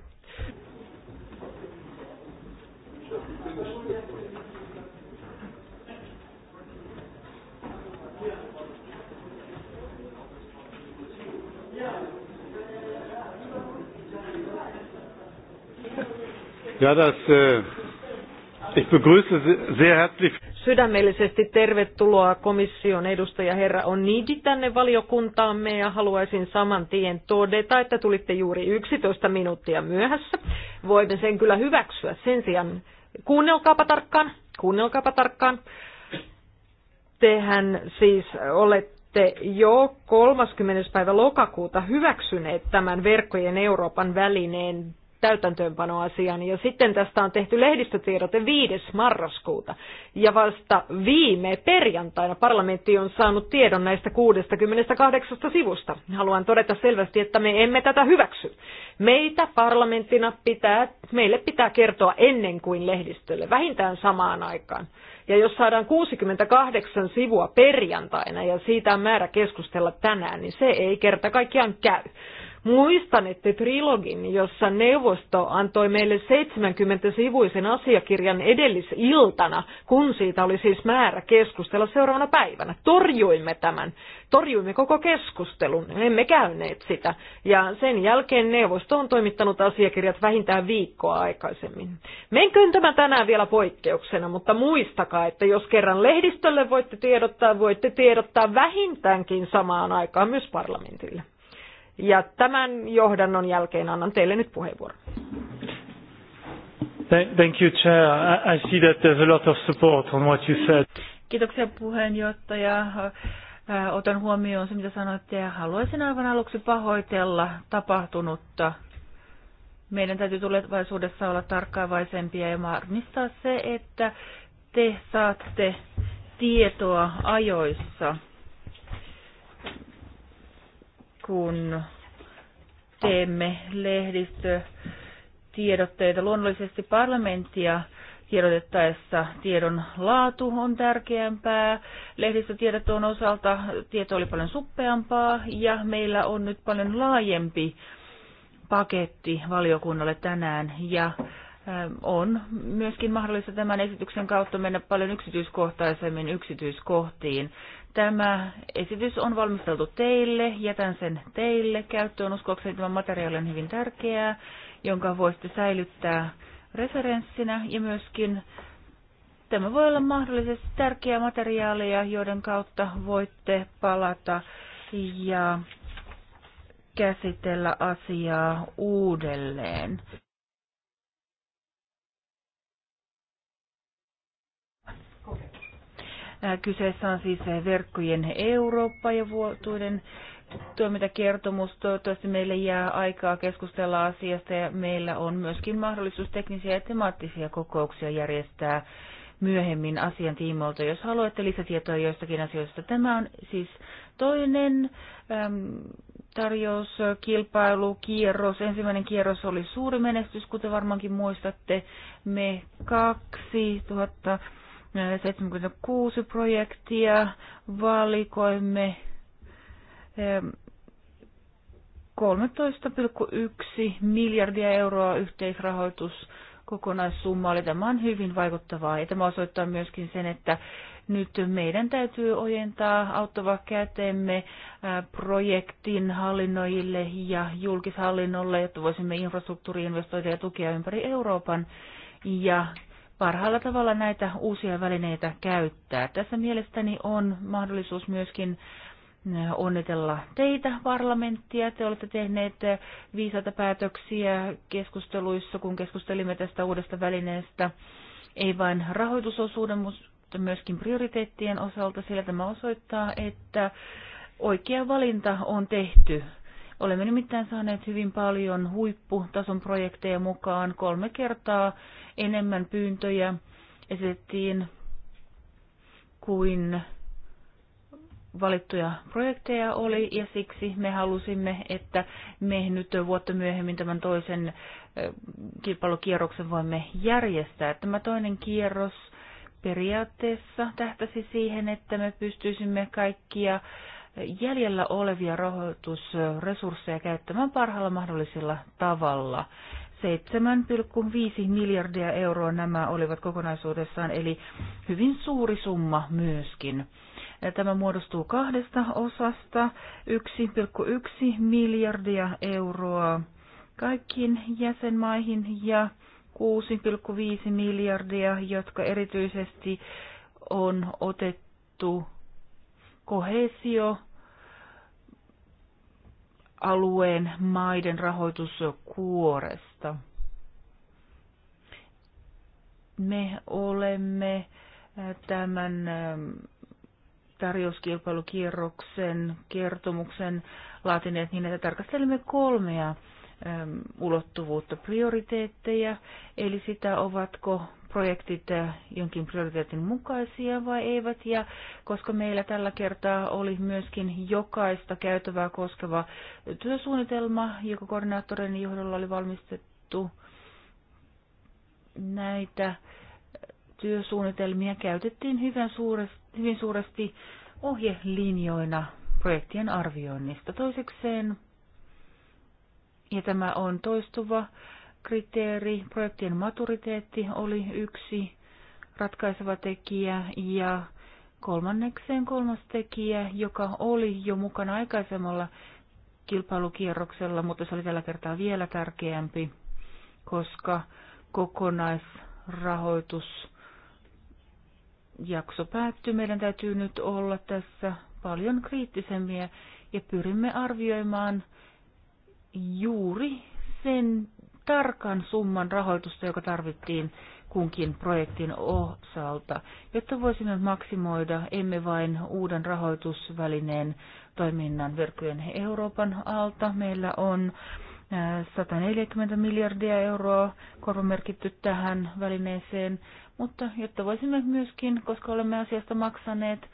Ja, das äh, Ich begrüße sehr herzlich. Sydämellisesti tervetuloa komission edustaja herra Onidi tänne valiokuntaamme ja haluaisin saman tien todeta, että tulitte juuri 11 minuuttia myöhässä. Voimme sen kyllä hyväksyä. Sen sijaan kuunnelkaapa tarkkaan, kuunnelkaapa tarkkaan. Tehän siis olette jo 30. päivä lokakuuta hyväksyneet tämän verkkojen Euroopan välineen täytäntöönpanoasian. Ja sitten tästä on tehty lehdistötiedote 5. marraskuuta. Ja vasta viime perjantaina parlamentti on saanut tiedon näistä 68 sivusta. Haluan todeta selvästi, että me emme tätä hyväksy. Meitä parlamenttina pitää, meille pitää kertoa ennen kuin lehdistölle, vähintään samaan aikaan. Ja jos saadaan 68 sivua perjantaina ja siitä on määrä keskustella tänään, niin se ei kerta kaikkiaan käy. Muistan, että trilogin, jossa neuvosto antoi meille 70-sivuisen asiakirjan edellisiltana, kun siitä oli siis määrä keskustella seuraavana päivänä. Torjuimme tämän. Torjuimme koko keskustelun. Emme käyneet sitä. Ja sen jälkeen neuvosto on toimittanut asiakirjat vähintään viikkoa aikaisemmin. Menköön tämä tänään vielä poikkeuksena, mutta muistakaa, että jos kerran lehdistölle voitte tiedottaa, voitte tiedottaa vähintäänkin samaan aikaan myös parlamentille. Ja tämän johdannon jälkeen annan teille nyt puheenvuoron. Thank you, Chair. I see that there's a lot of support on what you said. Kiitoksia puheenjohtaja. Äh, otan huomioon se, mitä sanoitte, ja haluaisin aivan aluksi pahoitella tapahtunutta. Meidän täytyy tulevaisuudessa olla tarkkaavaisempia ja varmistaa se, että te saatte tietoa ajoissa kun teemme lehdistötiedotteita, Luonnollisesti parlamenttia tiedotettaessa tiedon laatu on tärkeämpää. Lehdistötiedotteen osalta tieto oli paljon suppeampaa ja meillä on nyt paljon laajempi paketti valiokunnalle tänään ja ähm, on myöskin mahdollista tämän esityksen kautta mennä paljon yksityiskohtaisemmin yksityiskohtiin. Tämä esitys on valmisteltu teille, jätän sen teille. Käyttöön uskoakseni tämä materiaali on hyvin tärkeää, jonka voisitte säilyttää referenssinä ja myöskin tämä voi olla mahdollisesti tärkeää materiaalia, joiden kautta voitte palata ja käsitellä asiaa uudelleen. Kyseessä on siis verkkojen Eurooppa ja vuotuinen toimintakertomus. Toivottavasti meille jää aikaa keskustella asiasta ja meillä on myöskin mahdollisuus teknisiä ja temaattisia kokouksia järjestää myöhemmin asian tiimoilta, jos haluatte lisätietoa joistakin asioista. Tämä on siis toinen äm, tarjouskilpailu, kierros. Ensimmäinen kierros oli suuri menestys, kuten varmaankin muistatte. Me 2000 76 projektia. Valikoimme 13,1 miljardia euroa yhteisrahoitus kokonaissumma oli. Tämä on hyvin vaikuttavaa ja tämä osoittaa myöskin sen, että nyt meidän täytyy ojentaa auttava käteemme projektin hallinnoille ja julkishallinnolle, että voisimme infrastruktuuriinvestointeja tukea ympäri Euroopan. Ja parhaalla tavalla näitä uusia välineitä käyttää. Tässä mielestäni on mahdollisuus myöskin eh, onnitella teitä parlamenttia. Te olette tehneet eh, viisaita päätöksiä keskusteluissa, kun keskustelimme tästä uudesta välineestä, ei vain rahoitusosuuden, mutta myöskin prioriteettien osalta, sillä tämä osoittaa, että oikea valinta on tehty. Olemme nimittäin saaneet hyvin paljon huipputason projekteja mukaan kolme kertaa enemmän pyyntöjä esitettiin kuin valittuja projekteja oli ja siksi me halusimme, että me nyt vuotta myöhemmin tämän toisen kilpailukierroksen voimme järjestää. Tämä toinen kierros periaatteessa tähtäsi siihen, että me pystyisimme kaikkia jäljellä olevia rahoitusresursseja käyttämään parhaalla mahdollisella tavalla. 7,5 miljardia euroa nämä olivat kokonaisuudessaan, eli hyvin suuri summa myöskin. Tämä muodostuu kahdesta osasta, 1,1 miljardia euroa kaikkiin jäsenmaihin ja 6,5 miljardia, jotka erityisesti on otettu kohesio alueen maiden rahoituskuoresta. Me olemme äh, tämän ähm, tarjouskilpailukierroksen kertomuksen laatineet niin, että tarkastelemme kolmea ähm, ulottuvuutta, prioriteetteja, eli sitä ovatko projektit eh, jonkin prioriteetin mukaisia vai eivät. Ja koska meillä tällä kertaa oli myöskin jokaista käytävää koskeva työsuunnitelma, joka koordinaattorin johdolla oli valmistettu näitä työsuunnitelmia käytettiin hyvin suuresti, hyvin suuresti ohjelinjoina projektien arvioinnista. Toisekseen, ja tämä on toistuva kriteeri, projektien maturiteetti oli yksi ratkaiseva tekijä ja kolmannekseen kolmas tekijä, joka oli jo mukana aikaisemmalla kilpailukierroksella, mutta se oli tällä kertaa vielä tärkeämpi, koska kokonaisrahoitus jakso päättyy. Meidän täytyy nyt olla tässä paljon kriittisemmiä ja pyrimme arvioimaan juuri sen tarkan summan rahoitusta, joka tarvittiin kunkin projektin osalta, jotta voisimme maksimoida emme vain uuden rahoitusvälineen toiminnan verkkojen Euroopan alta. Meillä on 140 äh, miljardia euroa korvamerkitty tähän välineeseen, mutta jotta voisimme myöskin, koska olemme asiasta maksaneet,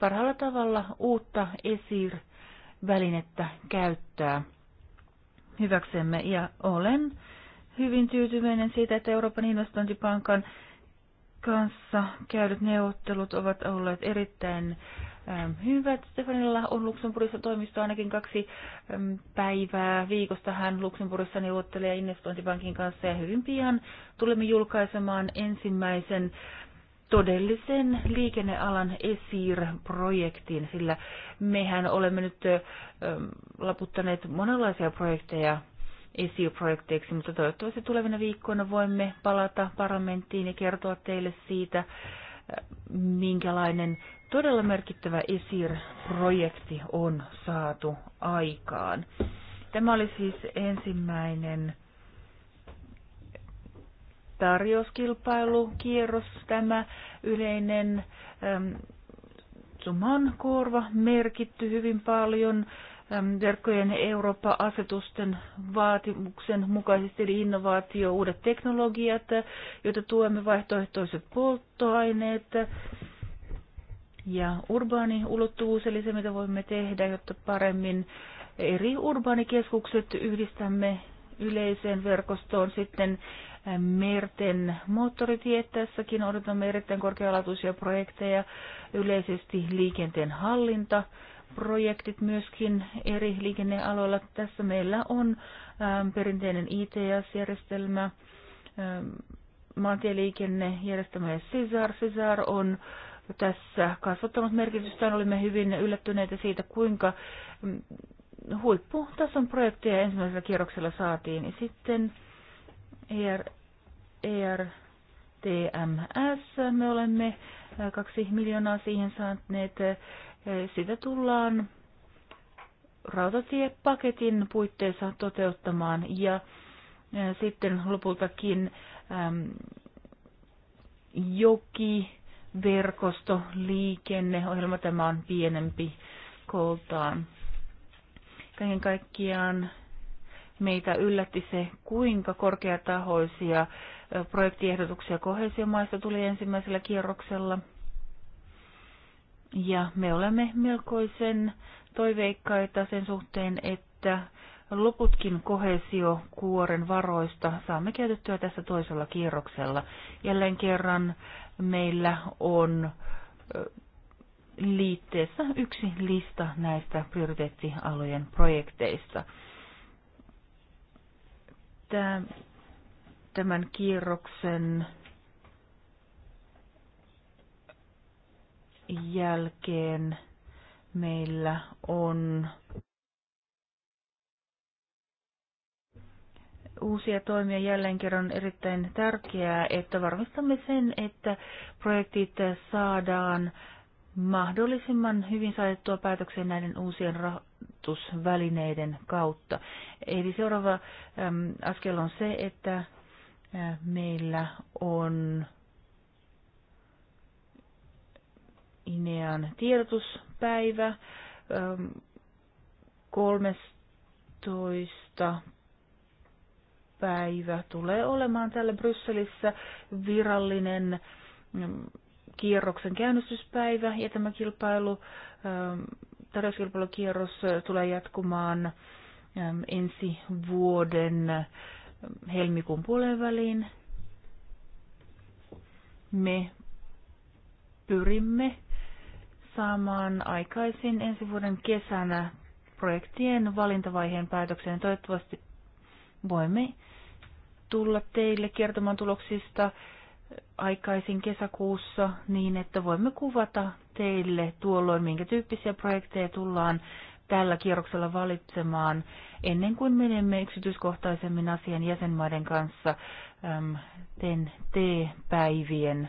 parhaalla tavalla uutta ESIR-välinettä käyttää hyväksemme ja olen hyvin tyytyväinen siitä, että Euroopan investointipankan kanssa käydyt neuvottelut ovat olleet erittäin ähm, hyvät. Stefanilla on Luxemburgissa toimisto ainakin kaksi ähm, päivää viikosta. Hän Luxemburgissa neuvottelee investointipankin kanssa ja hyvin pian tulemme julkaisemaan ensimmäisen todellisen liikennealan ESIR-projektin, sillä mehän olemme nyt ähm, laputtaneet monenlaisia projekteja esioprojekteiksi, mutta toivottavasti tulevina viikkoina voimme palata parlamenttiin ja kertoa teille siitä, minkälainen todella merkittävä ESIR-projekti on saatu aikaan. Tämä oli siis ensimmäinen tarjouskilpailukierros, tämä yleinen summa on korva merkitty hyvin paljon Ähm, verkkojen Eurooppa-asetusten vaatimuksen mukaisesti eli innovaatio, uudet teknologiat, joita tuemme vaihtoehtoiset polttoaineet ja urbaani ulottuvuus, eli se mitä voimme tehdä, jotta paremmin eri urbaanikeskukset yhdistämme yleiseen verkostoon sitten ähm, merten moottoritiet. Tässäkin odotamme erittäin korkealaatuisia projekteja, yleisesti liikenteen hallinta, projektit myöskin eri liikennealoilla. Tässä meillä on ähm, perinteinen ITS-järjestelmä, ähm, maantieliikennejärjestelmä ja CISAR. CISAR on tässä kasvattanut merkitystään. Olimme hyvin yllättyneitä siitä, kuinka mm, huipputason projekteja ensimmäisellä kierroksella saatiin. Sitten ER, ERTMS, me olemme äh, kaksi miljoonaa siihen saaneet äh, sitä tullaan rautatiepaketin puitteissa toteuttamaan ja sitten lopultakin äm, joki, verkosto, liikenneohjelma, tämä on pienempi koltaan. Kaiken kaikkiaan meitä yllätti se, kuinka korkeatahoisia projektiehdotuksia kohesiomaista tuli ensimmäisellä kierroksella – ja me olemme melkoisen toiveikkaita sen suhteen, että loputkin kohesiokuoren varoista saamme käytettyä tässä toisella kierroksella. Jälleen kerran meillä on liitteessä yksi lista näistä prioriteettialojen projekteista. Tämän kierroksen jälkeen meillä on uusia toimia jälleen kerran erittäin tärkeää, että varmistamme sen, että projektit saadaan mahdollisimman hyvin saatettua päätökseen näiden uusien rahoitusvälineiden kautta. Eli seuraava äm, askel on se, että meillä on Inean tiedotuspäivä 13 ähm, päivä tulee olemaan täällä Brysselissä virallinen mm, kierroksen käynnistyspäivä ja tämä kilpailu, ähm, tarjouskilpailukierros tulee jatkumaan ähm, ensi vuoden helmikuun puolen väliin. Me pyrimme saamaan aikaisin ensi vuoden kesänä projektien valintavaiheen päätökseen. Toivottavasti voimme tulla teille kertomaan tuloksista aikaisin kesäkuussa niin, että voimme kuvata teille tuolloin, minkä tyyppisiä projekteja tullaan tällä kierroksella valitsemaan ennen kuin menemme yksityiskohtaisemmin asian jäsenmaiden kanssa TEN-T-päivien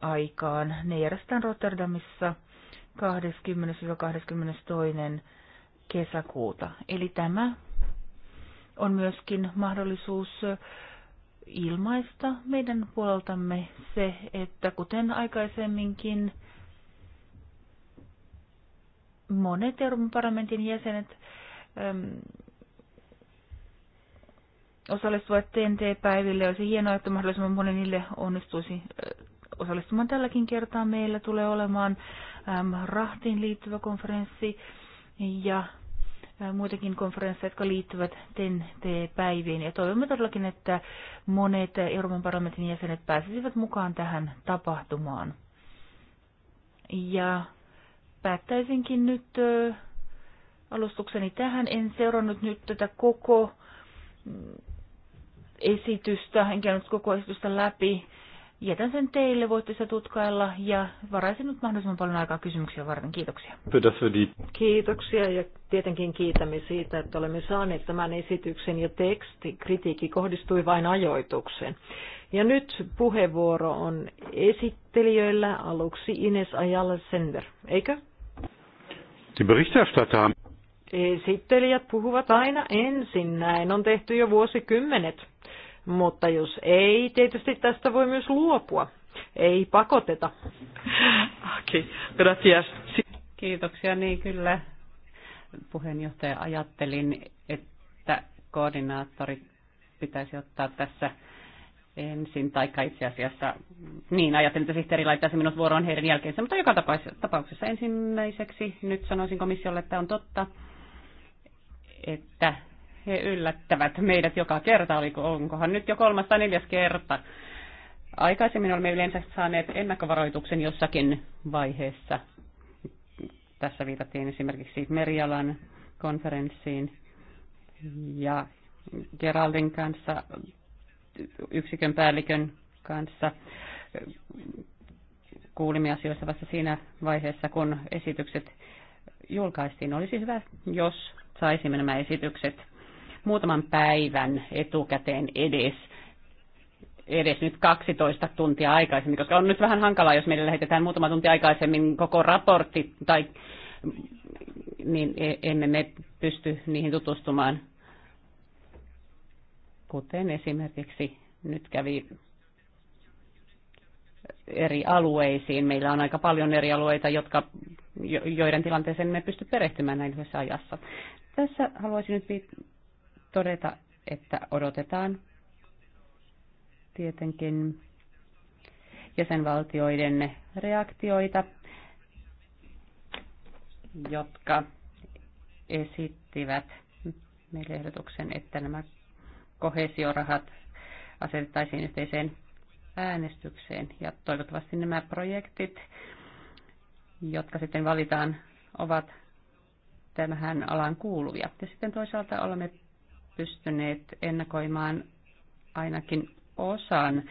aikaan. Ne järjestetään Rotterdamissa 20-22. kesäkuuta. Eli tämä on myöskin mahdollisuus ilmaista meidän puoleltamme se, että kuten aikaisemminkin monet Euroopan parlamentin jäsenet äm, osallistuvat TNT-päiville. Olisi hienoa, että mahdollisimman moni niille onnistuisi äh, osallistumaan tälläkin kertaa. Meillä tulee olemaan rahtiin liittyvä konferenssi ja muitakin konferensseja, jotka liittyvät TEN-T-päiviin. Ja toivomme todellakin, että monet Euroopan parlamentin jäsenet pääsisivät mukaan tähän tapahtumaan. Ja päättäisinkin nyt alustukseni tähän. En seurannut nyt tätä koko esitystä, en käynyt koko esitystä läpi jätän sen teille, voitte sitä tutkailla ja varaisin nyt mahdollisimman paljon aikaa kysymyksiä varten. Kiitoksia. Kiitoksia ja tietenkin kiitämme siitä, että olemme saaneet tämän esityksen ja teksti. Kritiikki kohdistui vain ajoitukseen. Ja nyt puheenvuoro on esittelijöillä aluksi Ines Ajalla Sender, eikö? Die Berichterstatter. Esittelijät puhuvat aina ensin, näin on tehty jo vuosikymmenet. Mutta jos ei, tietysti tästä voi myös luopua. Ei pakoteta. Okay. Gracias. Kiitoksia, niin kyllä puheenjohtaja ajattelin, että koordinaattori pitäisi ottaa tässä ensin, tai itse asiassa, niin ajattelin, että sihteeri laittaisi minut vuoroon heidän jälkeensä, mutta joka tapauksessa ensimmäiseksi nyt sanoisin komissiolle, että on totta, että he yllättävät meidät joka kerta, oliko, onkohan nyt jo kolmas tai neljäs kerta. Aikaisemmin olemme yleensä saaneet ennakkovaroituksen jossakin vaiheessa. Tässä viitattiin esimerkiksi Merialan konferenssiin ja Geraldin kanssa, yksikön päällikön kanssa kuulimme asioista vasta siinä vaiheessa, kun esitykset julkaistiin. Olisi hyvä, jos saisimme nämä esitykset muutaman päivän etukäteen edes edes nyt 12 tuntia aikaisemmin, koska on nyt vähän hankalaa, jos meille lähetetään muutama tunti aikaisemmin koko raportti, tai niin e, emme me pysty niihin tutustumaan, kuten esimerkiksi nyt kävi eri alueisiin. Meillä on aika paljon eri alueita, jotka, joiden tilanteeseen me pysty perehtymään näin lyhyessä ajassa. Tässä haluaisin nyt todeta, että odotetaan tietenkin jäsenvaltioiden reaktioita, jotka esittivät meille ehdotuksen, että nämä kohesiorahat asetettaisiin yhteiseen äänestykseen. Ja toivottavasti nämä projektit, jotka sitten valitaan, ovat tähän alan kuuluvia. Ja sitten toisaalta olemme pystyneet ennakoimaan ainakin osan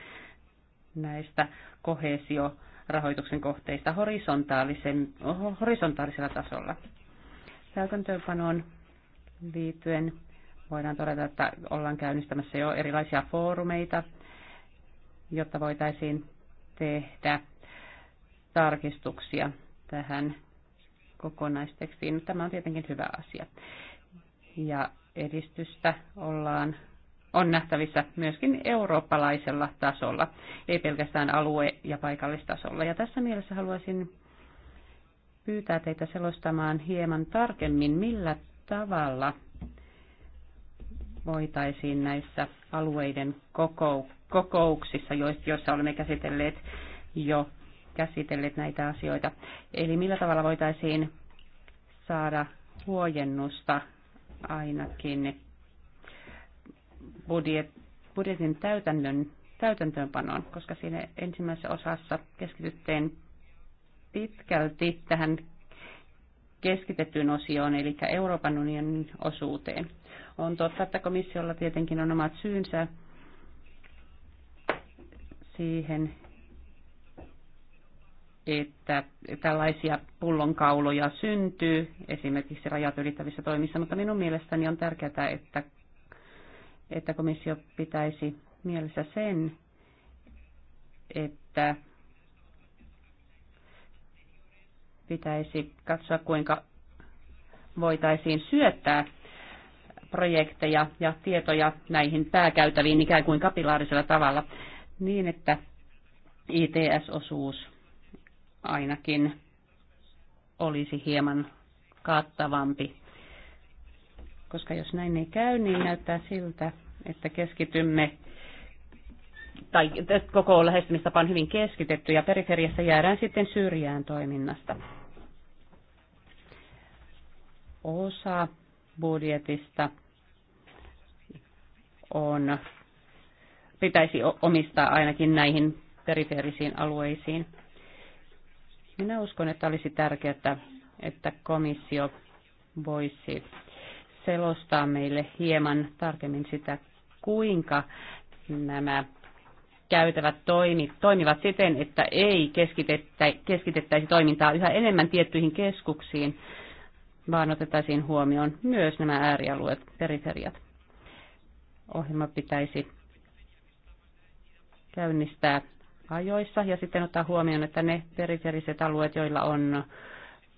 näistä kohesiorahoituksen kohteista horisontaalisen, horisontaalisella tasolla. Täytäntöönpanoon liittyen voidaan todeta, että ollaan käynnistämässä jo erilaisia foorumeita, jotta voitaisiin tehdä tarkistuksia tähän kokonaistekstiin. Tämä on tietenkin hyvä asia. Ja edistystä ollaan on nähtävissä myöskin eurooppalaisella tasolla, ei pelkästään alue- ja paikallistasolla. Ja tässä mielessä haluaisin pyytää teitä selostamaan hieman tarkemmin, millä tavalla voitaisiin näissä alueiden kokou- kokouksissa, joissa olemme käsitelleet jo käsitelleet näitä asioita. Eli millä tavalla voitaisiin saada huojennusta ainakin budjet, budjetin täytännön, täytäntöönpanoon, koska siinä ensimmäisessä osassa keskityttiin pitkälti tähän keskitettyyn osioon, eli Euroopan unionin osuuteen. On totta, että komissiolla tietenkin on omat syynsä siihen, että tällaisia pullonkauloja syntyy esimerkiksi rajat ylittävissä toimissa, mutta minun mielestäni on tärkeää, että, että komissio pitäisi mielessä sen, että pitäisi katsoa, kuinka voitaisiin syöttää projekteja ja tietoja näihin pääkäytäviin ikään kuin kapilaarisella tavalla niin, että ITS-osuus ainakin olisi hieman kattavampi. Koska jos näin ei käy, niin näyttää siltä, että keskitymme tai koko lähestymistapa on hyvin keskitetty ja periferiassa jäädään sitten syrjään toiminnasta. Osa budjetista on, pitäisi omistaa ainakin näihin periferisiin alueisiin. Minä uskon, että olisi tärkeää, että komissio voisi selostaa meille hieman tarkemmin sitä, kuinka nämä käytävät toimi, toimivat siten, että ei keskitettä, keskitettäisi toimintaa yhä enemmän tiettyihin keskuksiin, vaan otettaisiin huomioon myös nämä äärialueet, periferiat. Ohjelma pitäisi käynnistää ajoissa ja sitten ottaa huomioon, että ne periferiset alueet, joilla on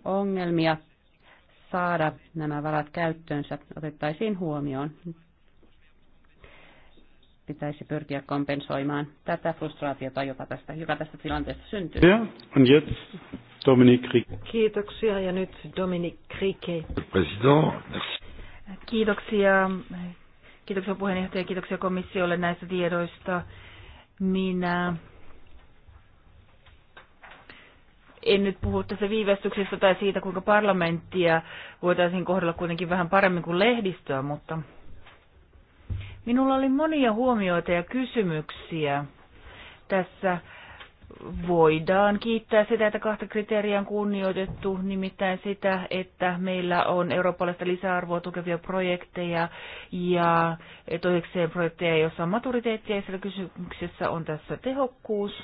ongelmia saada nämä varat käyttöönsä, otettaisiin huomioon. Pitäisi pyrkiä kompensoimaan tätä frustraatiota, joka tästä, joka tästä tilanteesta syntyy. Ja, und jetzt Kiitoksia ja nyt Dominik Krike. Kiitoksia. Kiitoksia puheenjohtaja ja kiitoksia komissiolle näistä tiedoista. Minä en nyt puhu tässä viivästyksestä tai siitä, kuinka parlamenttia voitaisiin kohdella kuitenkin vähän paremmin kuin lehdistöä, mutta minulla oli monia huomioita ja kysymyksiä tässä voidaan kiittää sitä, että kahta kriteeriä on kunnioitettu, nimittäin sitä, että meillä on eurooppalaista lisäarvoa tukevia projekteja ja toisekseen projekteja, joissa on maturiteettia ja kysymyksessä on tässä tehokkuus.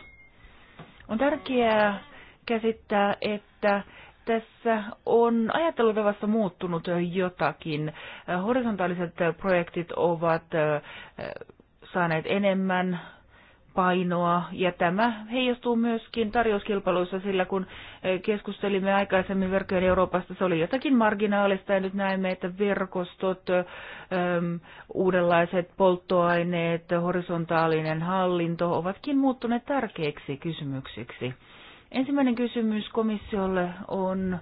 On tärkeää käsittää, että tässä on ajattelutavassa muuttunut jotakin. Horisontaaliset projektit ovat saaneet enemmän painoa ja tämä heijastuu myöskin tarjouskilpailuissa, sillä kun keskustelimme aikaisemmin verkkojen Euroopasta, se oli jotakin marginaalista ja nyt näemme, että verkostot, uudenlaiset polttoaineet, horisontaalinen hallinto ovatkin muuttuneet tärkeiksi kysymyksiksi. Ensimmäinen kysymys komissiolle on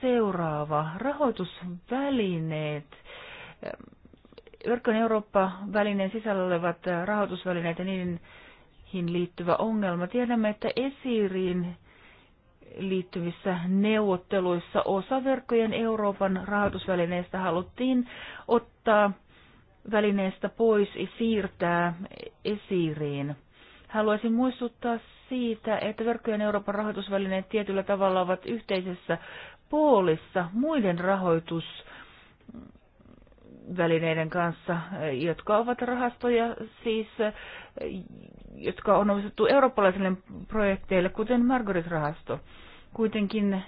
seuraava. Rahoitusvälineet. Verkon Eurooppa-välineen sisällä olevat rahoitusvälineet ja niihin liittyvä ongelma. Tiedämme, että esiriin liittyvissä neuvotteluissa osa verkkojen Euroopan rahoitusvälineistä haluttiin ottaa välineestä pois ja siirtää esiriin. Haluaisin muistuttaa siitä, että verkkojen Euroopan rahoitusvälineet tietyllä tavalla ovat yhteisessä puolissa muiden rahoitusvälineiden kanssa, jotka ovat rahastoja siis, jotka on omistettu eurooppalaisille projekteille, kuten Margaret-rahasto. Kuitenkin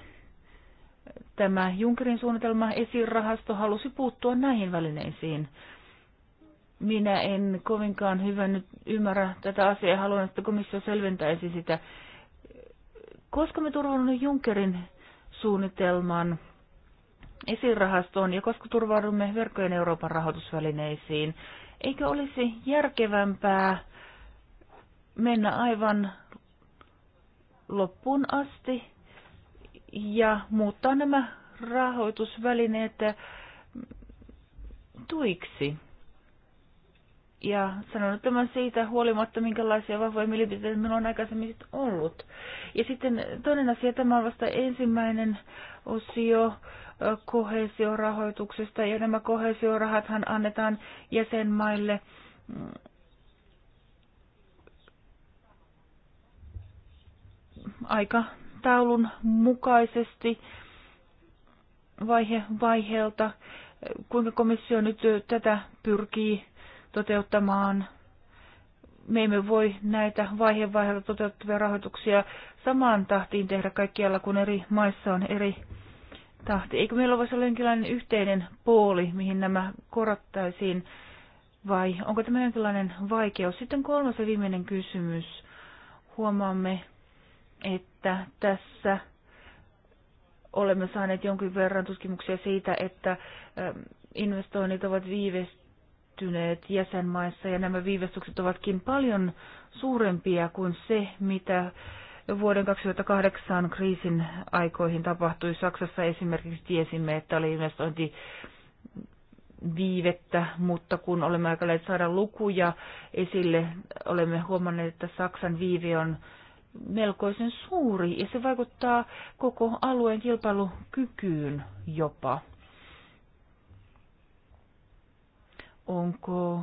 tämä Junckerin suunnitelma esirahasto halusi puuttua näihin välineisiin minä en kovinkaan hyvä nyt ymmärrä tätä asiaa. Haluan, että komissio selventäisi sitä. Koska me turvaudumme Junckerin suunnitelman esirahastoon ja koska turvaudumme verkkojen Euroopan rahoitusvälineisiin, eikö olisi järkevämpää mennä aivan loppuun asti ja muuttaa nämä rahoitusvälineet tuiksi? ja sanonut tämän siitä huolimatta, minkälaisia vahvoja mielipiteitä minulla on aikaisemmin ollut. Ja sitten toinen asia, tämä on vasta ensimmäinen osio kohesiorahoituksesta, ja nämä kohesiorahathan annetaan jäsenmaille mm, aikataulun mukaisesti vaihe vaiheelta, kuinka komissio nyt tätä pyrkii toteuttamaan. Me emme voi näitä vaihe vaiheella toteuttavia rahoituksia samaan tahtiin tehdä kaikkialla, kun eri maissa on eri tahti. Eikö meillä voisi olla jonkinlainen yhteinen pooli, mihin nämä korottaisiin, vai onko tämä jonkinlainen vaikeus? Sitten kolmas ja viimeinen kysymys. Huomaamme, että tässä olemme saaneet jonkin verran tutkimuksia siitä, että investoinnit ovat viivästyneet viivästyneet jäsenmaissa ja nämä viivästykset ovatkin paljon suurempia kuin se, mitä vuoden 2008 kriisin aikoihin tapahtui. Saksassa esimerkiksi tiesimme, että oli investointi viivettä, mutta kun olemme aikaneet saada lukuja esille, olemme huomanneet, että Saksan viive on melkoisen suuri ja se vaikuttaa koko alueen kilpailukykyyn jopa. Onko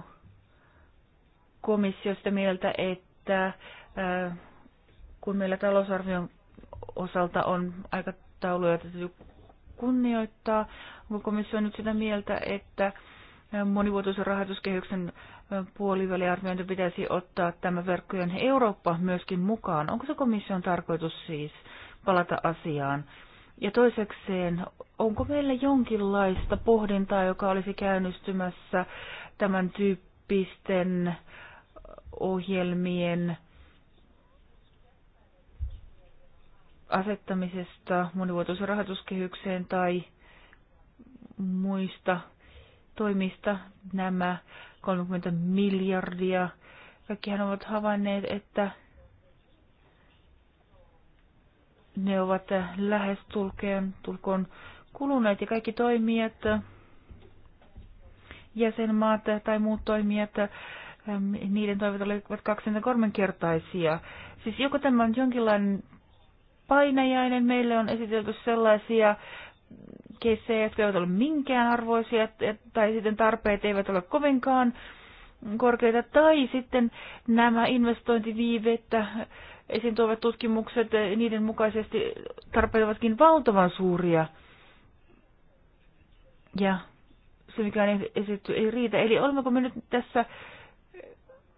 komissio sitä mieltä, että kun meillä talousarvion osalta on aikatauluja täytyy kunnioittaa, onko komissio nyt sitä mieltä, että monivuotoisen rahoituskehyksen puoliväliarviointi pitäisi ottaa tämä verkkojen Eurooppa myöskin mukaan. Onko se komission tarkoitus siis palata asiaan? Ja toisekseen, onko meillä jonkinlaista pohdintaa, joka olisi käynnistymässä tämän tyyppisten ohjelmien asettamisesta monivuotoisen rahoituskehykseen tai muista toimista nämä 30 miljardia. Kaikkihan ovat havainneet, että ne ovat lähes tulkeen, tulkoon kuluneet ja kaikki toimijat, jäsenmaat tai muut toimijat, ähm, niiden toimet olivat 23-kertaisia. Siis joko tämä on jonkinlainen painajainen, meille on esitelty sellaisia keissejä, jotka eivät ole minkään arvoisia, tai sitten tarpeet eivät ole kovinkaan korkeita, tai sitten nämä investointiviiveet esiin tuovat tutkimukset, eh, niiden mukaisesti tarpeilevatkin valtavan suuria. Ja se, mikä on esitetty, ei riitä. Eli olemmeko me nyt tässä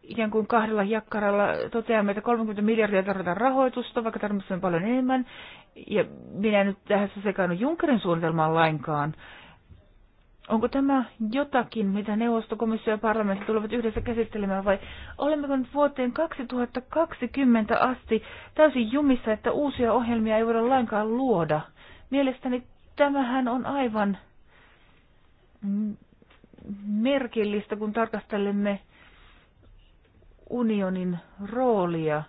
ikään kuin kahdella jakkaralla toteamme, että 30 miljardia tarvitaan rahoitusta, vaikka tarvitsemme paljon enemmän. Ja minä nyt tässä sekaannu Junckerin suunnitelmaan lainkaan. Onko tämä jotakin, mitä neuvostokomissio ja parlamentti tulevat yhdessä käsittelemään vai olemmeko nyt vuoteen 2020 asti täysin jumissa, että uusia ohjelmia ei voida lainkaan luoda? Mielestäni tämähän on aivan merkillistä, kun tarkastelemme unionin roolia.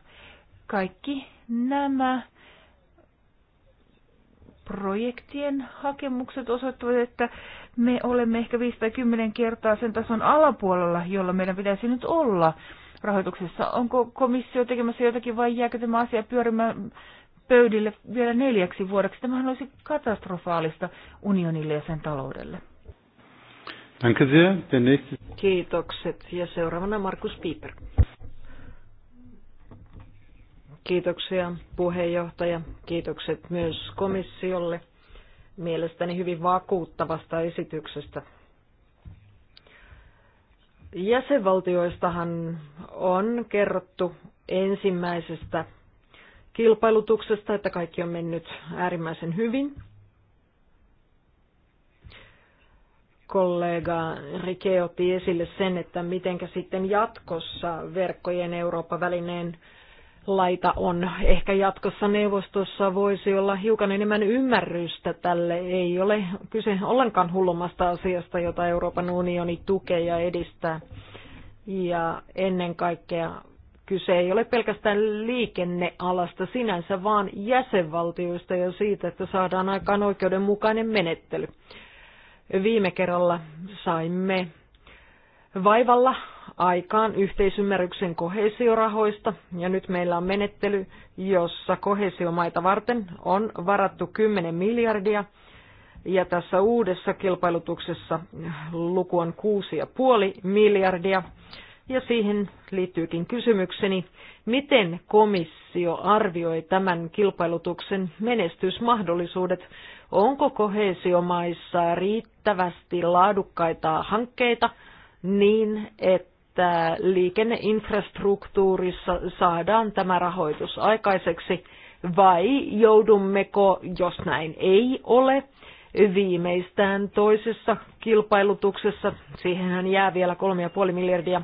Kaikki nämä projektien hakemukset osoittavat, että me olemme ehkä 5 tai 10 kertaa sen tason alapuolella, jolla meidän pitäisi nyt olla rahoituksessa. Onko komissio tekemässä jotakin vai jääkö tämä asia pyörimään pöydille vielä neljäksi vuodeksi? Tämähän olisi katastrofaalista unionille ja sen taloudelle. Kiitokset. Ja seuraavana Markus Pieper. Kiitoksia puheenjohtaja. Kiitokset myös komissiolle mielestäni hyvin vakuuttavasta esityksestä. Jäsenvaltioistahan on kerrottu ensimmäisestä kilpailutuksesta, että kaikki on mennyt äärimmäisen hyvin. kollega Rike otti esille sen, että miten sitten jatkossa verkkojen Eurooppa-välineen laita on. Ehkä jatkossa neuvostossa voisi olla hiukan enemmän ymmärrystä tälle. Ei ole kyse ollenkaan hullumasta asiasta, jota Euroopan unioni tukee ja edistää. Ja ennen kaikkea kyse ei ole pelkästään liikennealasta sinänsä, vaan jäsenvaltioista ja siitä, että saadaan aikaan oikeudenmukainen menettely. Viime kerralla saimme vaivalla aikaan yhteisymmärryksen kohesiorahoista ja nyt meillä on menettely, jossa kohesiomaita varten on varattu 10 miljardia ja tässä uudessa kilpailutuksessa luku on 6,5 miljardia. Ja siihen liittyykin kysymykseni, miten komissio arvioi tämän kilpailutuksen menestysmahdollisuudet? Onko kohesiomaissa riittävästi laadukkaita hankkeita niin, että että liikenneinfrastruktuurissa saadaan tämä rahoitus aikaiseksi vai joudummeko, jos näin ei ole, viimeistään toisessa kilpailutuksessa, siihenhän jää vielä 3,5 miljardia,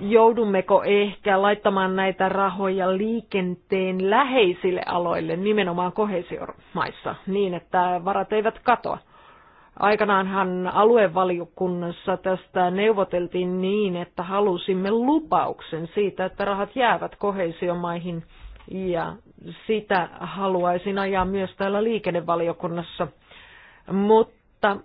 joudummeko ehkä laittamaan näitä rahoja liikenteen läheisille aloille, nimenomaan kohesiomaissa, niin että varat eivät katoa. Aikanaanhan aluevaliokunnassa tästä neuvoteltiin niin, että halusimme lupauksen siitä, että rahat jäävät kohesiomaihin ja sitä haluaisin ajaa myös täällä liikennevaliokunnassa. Mutta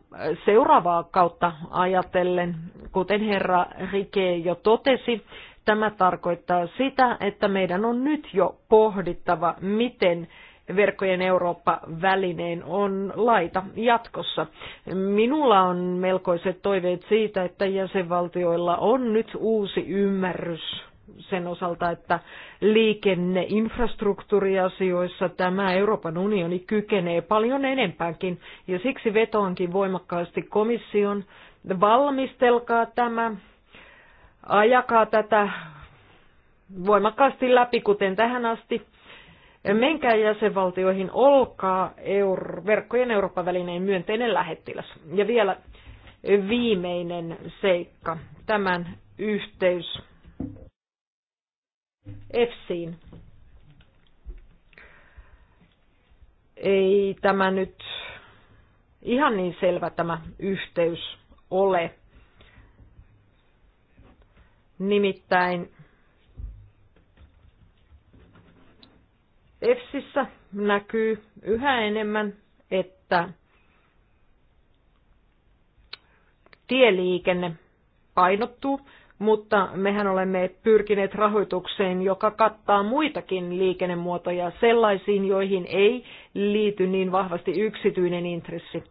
seuraavaa kautta ajatellen, kuten herra Rike jo totesi, tämä tarkoittaa sitä, että meidän on nyt jo pohdittava, miten verkkojen Eurooppa-välineen on laita jatkossa. Minulla on melkoiset toiveet siitä, että jäsenvaltioilla on nyt uusi ymmärrys sen osalta, että liikenneinfrastruktuuriasioissa tämä Euroopan unioni kykenee paljon enempäänkin. Ja siksi vetoankin voimakkaasti komission, valmistelkaa tämä, ajakaa tätä voimakkaasti läpi, kuten tähän asti. Menkää jäsenvaltioihin, olkaa Euro- verkkojen Euroopan välineen myönteinen lähettiläs. Ja vielä viimeinen seikka, tämän yhteys EFSiin. Ei tämä nyt ihan niin selvä tämä yhteys ole. Nimittäin EFSissä näkyy yhä enemmän, että tieliikenne painottuu, mutta mehän olemme pyrkineet rahoitukseen, joka kattaa muitakin liikennemuotoja sellaisiin, joihin ei liity niin vahvasti yksityinen intressi.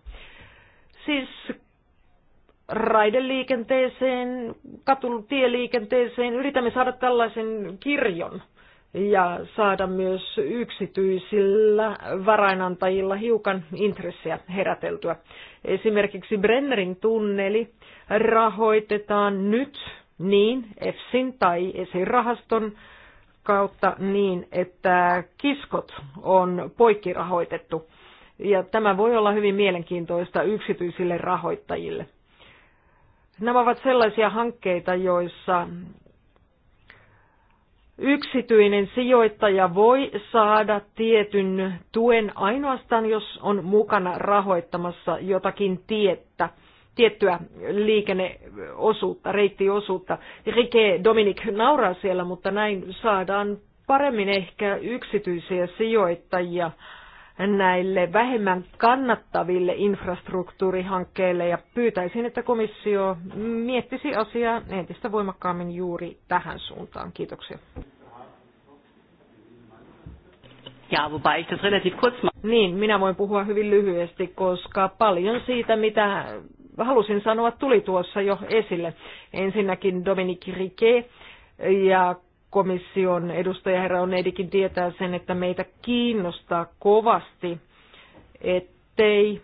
Siis raideliikenteeseen, katutieliikenteeseen, yritämme saada tällaisen kirjon ja saada myös yksityisillä varainantajilla hiukan intressiä heräteltyä. Esimerkiksi Brennerin tunneli rahoitetaan nyt niin EFSin tai esirahaston kautta niin, että kiskot on poikkirahoitettu. Ja tämä voi olla hyvin mielenkiintoista yksityisille rahoittajille. Nämä ovat sellaisia hankkeita, joissa yksityinen sijoittaja voi saada tietyn tuen ainoastaan, jos on mukana rahoittamassa jotakin tiettä tiettyä liikenneosuutta, reittiosuutta. Rike Dominik nauraa siellä, mutta näin saadaan paremmin ehkä yksityisiä sijoittajia näille vähemmän kannattaville infrastruktuurihankkeille ja pyytäisin, että komissio miettisi asiaa entistä voimakkaammin juuri tähän suuntaan. Kiitoksia. Ja, wobei ich das relativ kurz Niin, minä voin puhua hyvin lyhyesti, koska paljon siitä, mitä halusin sanoa, tuli tuossa jo esille. Ensinnäkin Dominique Riquet ja komission edustaja herra edikin tietää sen, että meitä kiinnostaa kovasti, ettei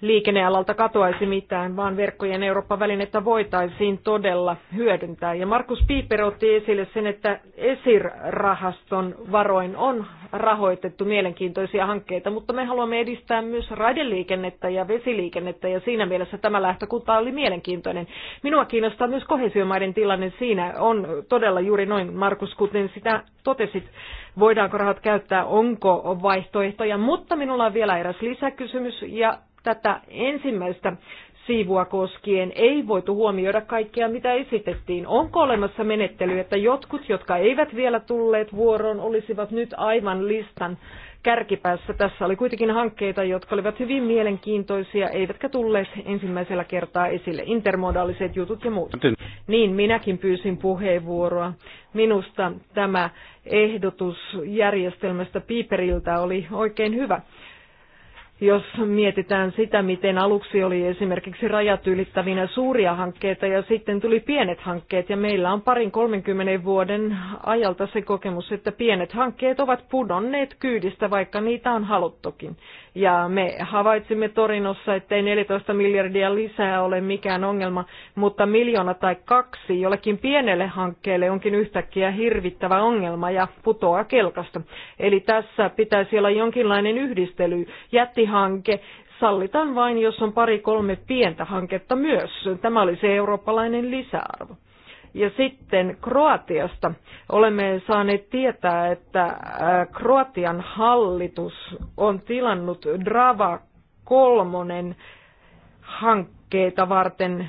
liikennealalta katoaisi mitään, vaan verkkojen Eurooppa-välinettä voitaisiin todella hyödyntää. Ja Markus Piiper otti esille sen, että esirahaston varoin on rahoitettu mielenkiintoisia hankkeita, mutta me haluamme edistää myös raideliikennettä ja vesiliikennettä, ja siinä mielessä tämä lähtökunta oli mielenkiintoinen. Minua kiinnostaa myös kohesiomaiden tilanne siinä. On todella juuri noin, Markus, kuten sitä totesit, voidaanko rahat käyttää, onko vaihtoehtoja, mutta minulla on vielä eräs lisäkysymys, ja tätä ensimmäistä siivua koskien ei voitu huomioida kaikkea, mitä esitettiin. Onko olemassa menettely, että jotkut, jotka eivät vielä tulleet vuoroon, olisivat nyt aivan listan kärkipäässä? Tässä oli kuitenkin hankkeita, jotka olivat hyvin mielenkiintoisia, eivätkä tulleet ensimmäisellä kertaa esille. Intermodaaliset jutut ja muut. Niin, minäkin pyysin puheenvuoroa. Minusta tämä ehdotus järjestelmästä Piiperiltä oli oikein hyvä jos mietitään sitä, miten aluksi oli esimerkiksi rajat ylittävinä suuria hankkeita ja sitten tuli pienet hankkeet ja meillä on parin 30 vuoden ajalta se kokemus, että pienet hankkeet ovat pudonneet kyydistä, vaikka niitä on haluttukin. Ja me havaitsimme Torinossa, ettei 14 miljardia lisää ole mikään ongelma, mutta miljoona tai kaksi jollekin pienelle hankkeelle onkin yhtäkkiä hirvittävä ongelma ja putoaa kelkasta. Eli tässä pitäisi olla jonkinlainen yhdistely, jättihanke, sallitaan vain, jos on pari kolme pientä hanketta myös. Tämä oli se eurooppalainen lisäarvo. Ja sitten Kroatiasta. Olemme saaneet tietää, että äh, Kroatian hallitus on tilannut Drava kolmonen hankkeita varten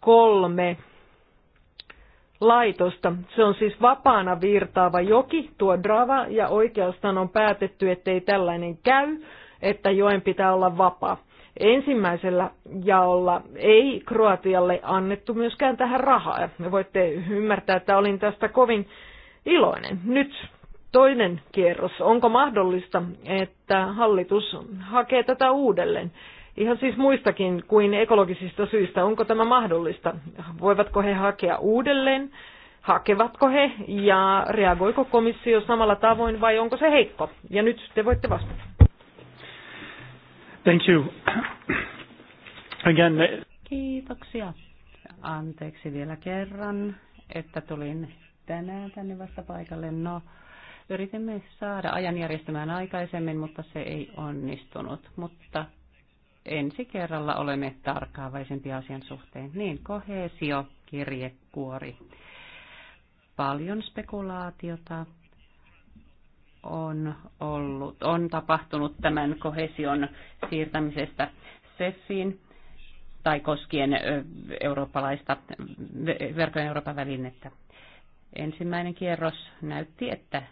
kolme laitosta. Se on siis vapaana virtaava joki, tuo Drava, ja oikeastaan on päätetty, ettei tällainen käy, että joen pitää olla vapaa. Ensimmäisellä jaolla ei Kroatialle annettu myöskään tähän rahaa. Me voitte ymmärtää, että olin tästä kovin iloinen. Nyt toinen kierros. Onko mahdollista, että hallitus hakee tätä uudelleen? Ihan siis muistakin kuin ekologisista syistä. Onko tämä mahdollista? Voivatko he hakea uudelleen? Hakevatko he ja reagoiko komissio samalla tavoin vai onko se heikko? Ja nyt te voitte vastata. Thank you. Again. Kiitoksia. Anteeksi vielä kerran, että tulin tänään tänne vasta paikalle. No, yritimme saada ajan järjestämään aikaisemmin, mutta se ei onnistunut. Mutta ensi kerralla olemme tarkkaavaisempia asian suhteen. Niin, kohesio, kirjekuori. Paljon spekulaatiota, on, ollut, on tapahtunut tämän kohesion siirtämisestä SEFiin tai koskien eurooppalaista verkon Euroopan välinettä. Ensimmäinen kierros näytti, että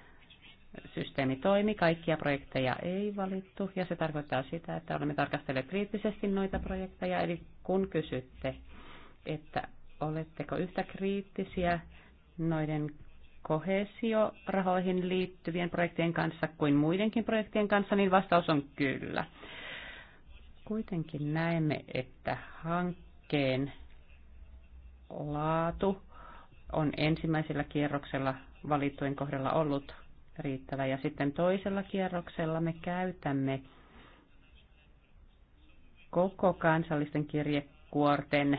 systeemi toimi, kaikkia projekteja ei valittu ja se tarkoittaa sitä, että olemme tarkastelleet kriittisesti noita projekteja. Eli kun kysytte, että oletteko yhtä kriittisiä noiden kohesiorahoihin liittyvien projektien kanssa kuin muidenkin projektien kanssa, niin vastaus on kyllä. Kuitenkin näemme, että hankkeen laatu on ensimmäisellä kierroksella valittujen kohdalla ollut riittävä ja sitten toisella kierroksella me käytämme koko kansallisten kirjekuorten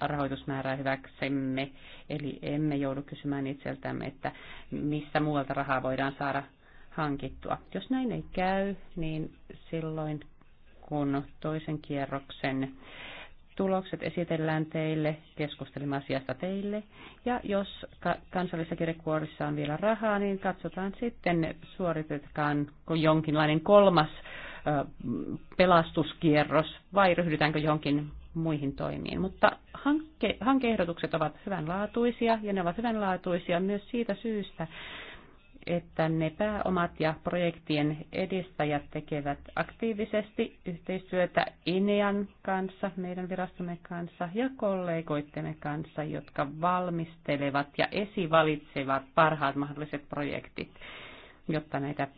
rahoitusmäärää hyväksemme. Eli emme joudu kysymään itseltämme, että missä muualta rahaa voidaan saada hankittua. Jos näin ei käy, niin silloin kun toisen kierroksen tulokset esitellään teille, keskustelemme asiasta teille. Ja jos kansallisessa kirjekuorissa on vielä rahaa, niin katsotaan sitten, suoritetaan jonkinlainen kolmas pelastuskierros vai ryhdytäänkö johonkin muihin toimiin. Mutta hankke, hankeehdotukset ovat hyvänlaatuisia ja ne ovat hyvänlaatuisia myös siitä syystä, että ne pääomat ja projektien edistäjät tekevät aktiivisesti yhteistyötä INEAN kanssa, meidän virastomme kanssa ja kollegoittemme kanssa, jotka valmistelevat ja esivalitsevat parhaat mahdolliset projektit, jotta näitä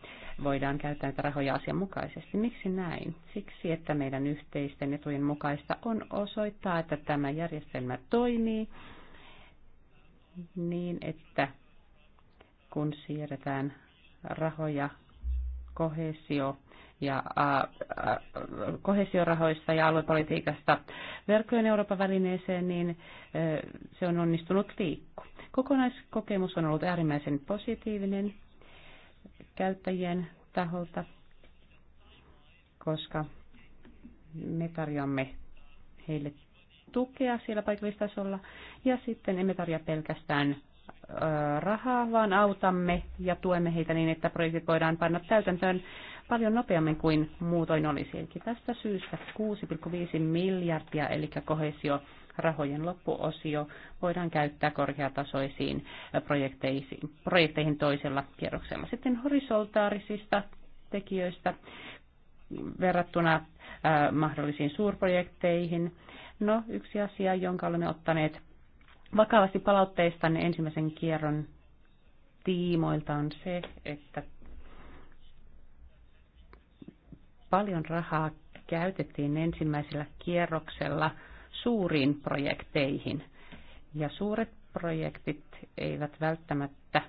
voidaan käyttää näitä rahoja asianmukaisesti. Miksi näin? Siksi, että meidän yhteisten etujen mukaista on osoittaa, että tämä järjestelmä toimii niin, että kun siirretään rahoja kohesio ja ä, ä, kohesiorahoista ja aluepolitiikasta verkkojen Euroopan välineeseen, niin ä, se on onnistunut liikku. Kokonaiskokemus on ollut äärimmäisen positiivinen käyttäjien taholta, koska me tarjoamme heille tukea siellä paikallistasolla ja sitten emme tarjoa pelkästään rahaa, vaan autamme ja tuemme heitä niin, että projektit voidaan panna täytäntöön paljon nopeammin kuin muutoin olisi. Eli tästä syystä 6,5 miljardia, eli kohesio rahojen loppuosio voidaan käyttää korkeatasoisiin projekteihin, projekteihin toisella kierroksella. Sitten horisontaarisista tekijöistä verrattuna äh, mahdollisiin suurprojekteihin. No, yksi asia, jonka olemme ottaneet vakavasti niin ensimmäisen kierron tiimoilta on se, että paljon rahaa käytettiin ensimmäisellä kierroksella – suuriin projekteihin. Ja suuret projektit eivät välttämättä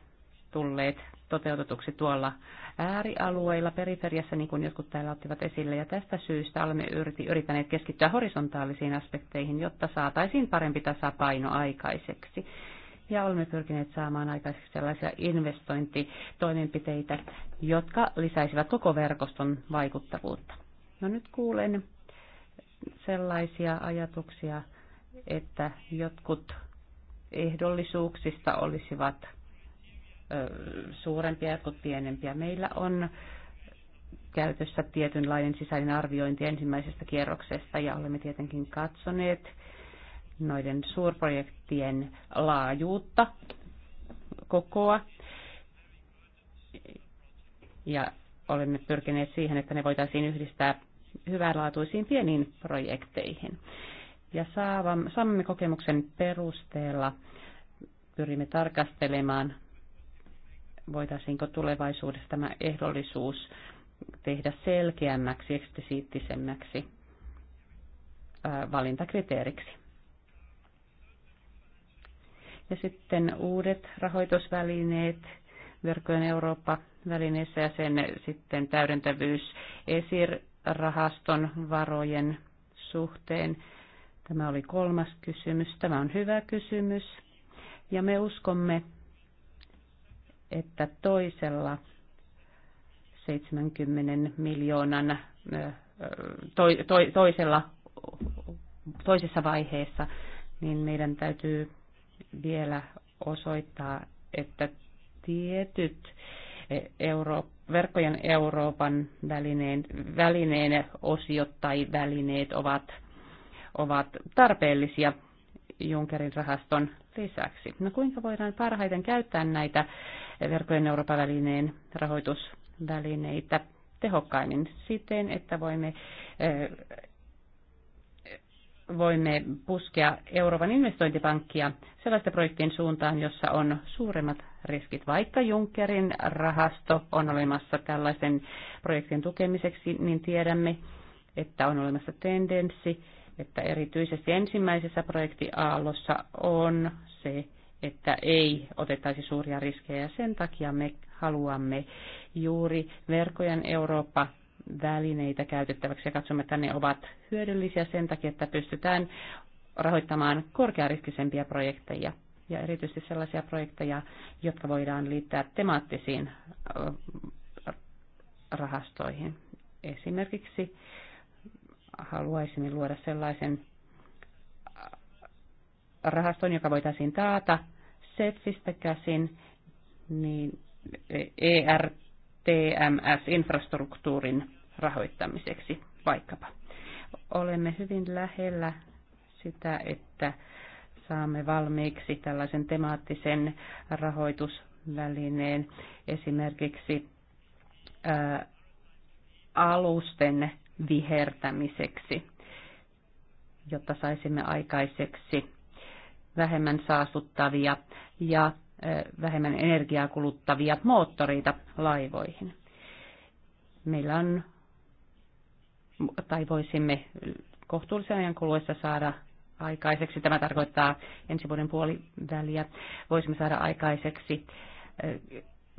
tulleet toteutetuksi tuolla äärialueilla, periferiassa, niin kuin jotkut täällä ottivat esille. Ja tästä syystä olemme yrittäneet keskittyä horisontaalisiin aspekteihin, jotta saataisiin parempi tasapaino aikaiseksi. Ja olemme pyrkineet saamaan aikaiseksi sellaisia investointitoimenpiteitä, jotka lisäisivät koko verkoston vaikuttavuutta. No nyt kuulen sellaisia ajatuksia, että jotkut ehdollisuuksista olisivat suurempia, jotkut pienempiä. Meillä on käytössä tietynlainen sisäinen arviointi ensimmäisestä kierroksesta ja olemme tietenkin katsoneet noiden suurprojektien laajuutta, kokoa ja olemme pyrkineet siihen, että ne voitaisiin yhdistää hyvänlaatuisiin pieniin projekteihin. Ja saamme kokemuksen perusteella pyrimme tarkastelemaan, voitaisiinko tulevaisuudessa tämä ehdollisuus tehdä selkeämmäksi, eksplisiittisemmäksi valintakriteeriksi. Ja sitten uudet rahoitusvälineet, verkkojen Eurooppa-välineessä ja sen sitten täydentävyys ESIR rahaston varojen suhteen? Tämä oli kolmas kysymys. Tämä on hyvä kysymys. Ja me uskomme, että toisella 70 miljoonan to, to, toisella, toisessa vaiheessa, niin meidän täytyy vielä osoittaa, että tietyt e, Euroop verkkojen Euroopan välineen, välineen osiot tai välineet ovat, ovat tarpeellisia Junckerin rahaston lisäksi. No kuinka voidaan parhaiten käyttää näitä verkkojen Euroopan välineen rahoitusvälineitä tehokkaimmin siten, että voimme eh, voimme puskea Euroopan investointipankkia sellaisten projektien suuntaan, jossa on suuremmat riskit. Vaikka Junckerin rahasto on olemassa tällaisen projektin tukemiseksi, niin tiedämme, että on olemassa tendenssi, että erityisesti ensimmäisessä projektiaallossa on se, että ei otettaisi suuria riskejä. Sen takia me haluamme juuri verkojen Eurooppa välineitä käytettäväksi ja katsomme, että ne ovat hyödyllisiä sen takia, että pystytään rahoittamaan korkeariskisempiä projekteja ja erityisesti sellaisia projekteja, jotka voidaan liittää temaattisiin rahastoihin. Esimerkiksi haluaisimme luoda sellaisen rahaston, joka voitaisiin taata SETFistä käsin, niin ER TMS-infrastruktuurin rahoittamiseksi vaikkapa. Olemme hyvin lähellä sitä, että saamme valmiiksi tällaisen temaattisen rahoitusvälineen esimerkiksi ää, alusten vihertämiseksi, jotta saisimme aikaiseksi vähemmän saastuttavia ja vähemmän energiaa kuluttavia moottoreita laivoihin. Meillä on, tai voisimme kohtuullisen ajan kuluessa saada aikaiseksi, tämä tarkoittaa ensi vuoden puoliväliä, voisimme saada aikaiseksi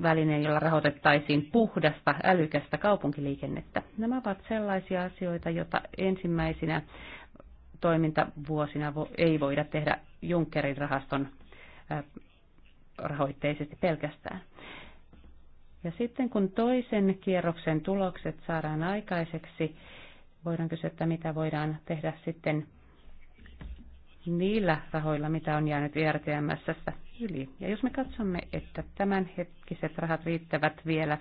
välineen, jolla rahoitettaisiin puhdasta, älykästä kaupunkiliikennettä. Nämä ovat sellaisia asioita, joita ensimmäisinä toimintavuosina ei voida tehdä Junckerin rahaston rahoitteisesti pelkästään. Ja sitten kun toisen kierroksen tulokset saadaan aikaiseksi, voidaan kysyä, että mitä voidaan tehdä sitten niillä rahoilla, mitä on jäänyt ERTMS yli. Ja jos me katsomme, että tämänhetkiset rahat riittävät vielä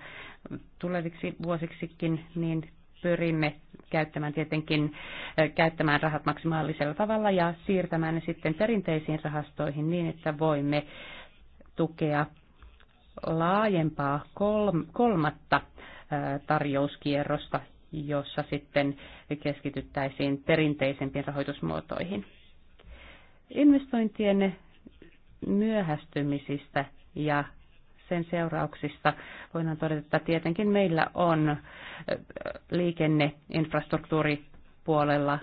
tuleviksi vuosiksikin, niin pyrimme käyttämään tietenkin käyttämään rahat maksimaalisella tavalla ja siirtämään ne sitten perinteisiin rahastoihin niin, että voimme tukea laajempaa kolmatta tarjouskierrosta, jossa sitten keskityttäisiin perinteisempiin rahoitusmuotoihin. Investointien myöhästymisistä ja sen seurauksista voidaan todeta, että tietenkin meillä on liikenneinfrastruktuuripuolella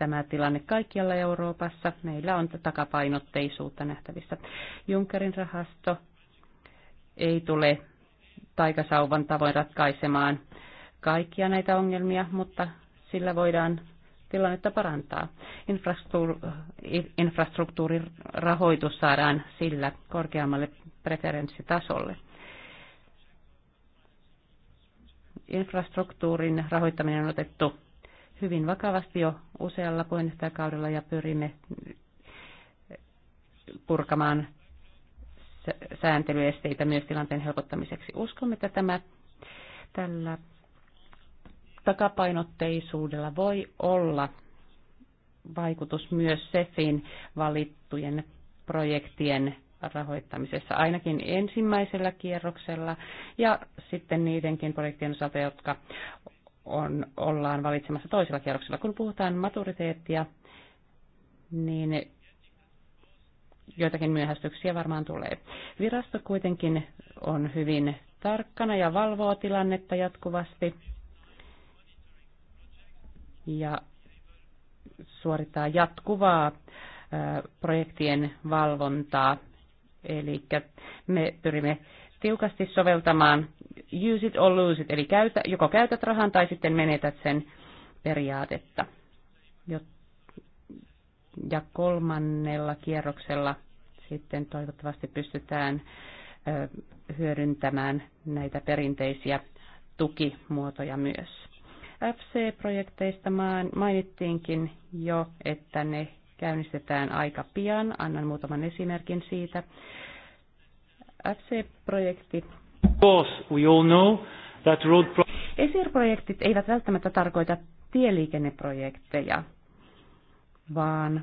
tämä tilanne kaikkialla Euroopassa. Meillä on takapainotteisuutta nähtävissä. Junckerin rahasto ei tule taikasauvan tavoin ratkaisemaan kaikkia näitä ongelmia, mutta sillä voidaan tilannetta parantaa. Infrastruktuurin rahoitus saadaan sillä korkeammalle preferenssitasolle. Infrastruktuurin rahoittaminen on otettu hyvin vakavasti jo usealla puheenjohtajakaudella ja pyrimme purkamaan sääntelyesteitä myös tilanteen helpottamiseksi. Uskomme, että tämä tällä takapainotteisuudella voi olla vaikutus myös SEFin valittujen projektien rahoittamisessa, ainakin ensimmäisellä kierroksella ja sitten niidenkin projektien osalta, jotka on, ollaan valitsemassa toisella kierroksella. Kun puhutaan maturiteettia, niin joitakin myöhästyksiä varmaan tulee. Virasto kuitenkin on hyvin tarkkana ja valvoo tilannetta jatkuvasti ja suorittaa jatkuvaa projektien valvontaa. Eli me pyrimme tiukasti soveltamaan use it or lose it, eli käytä, joko käytät rahan tai sitten menetät sen periaatetta. Ja kolmannella kierroksella sitten toivottavasti pystytään hyödyntämään näitä perinteisiä tukimuotoja myös. FC-projekteista mainittiinkin jo, että ne käynnistetään aika pian. Annan muutaman esimerkin siitä. FC-projekti ESIR-projektit eivät välttämättä tarkoita tieliikenneprojekteja, vaan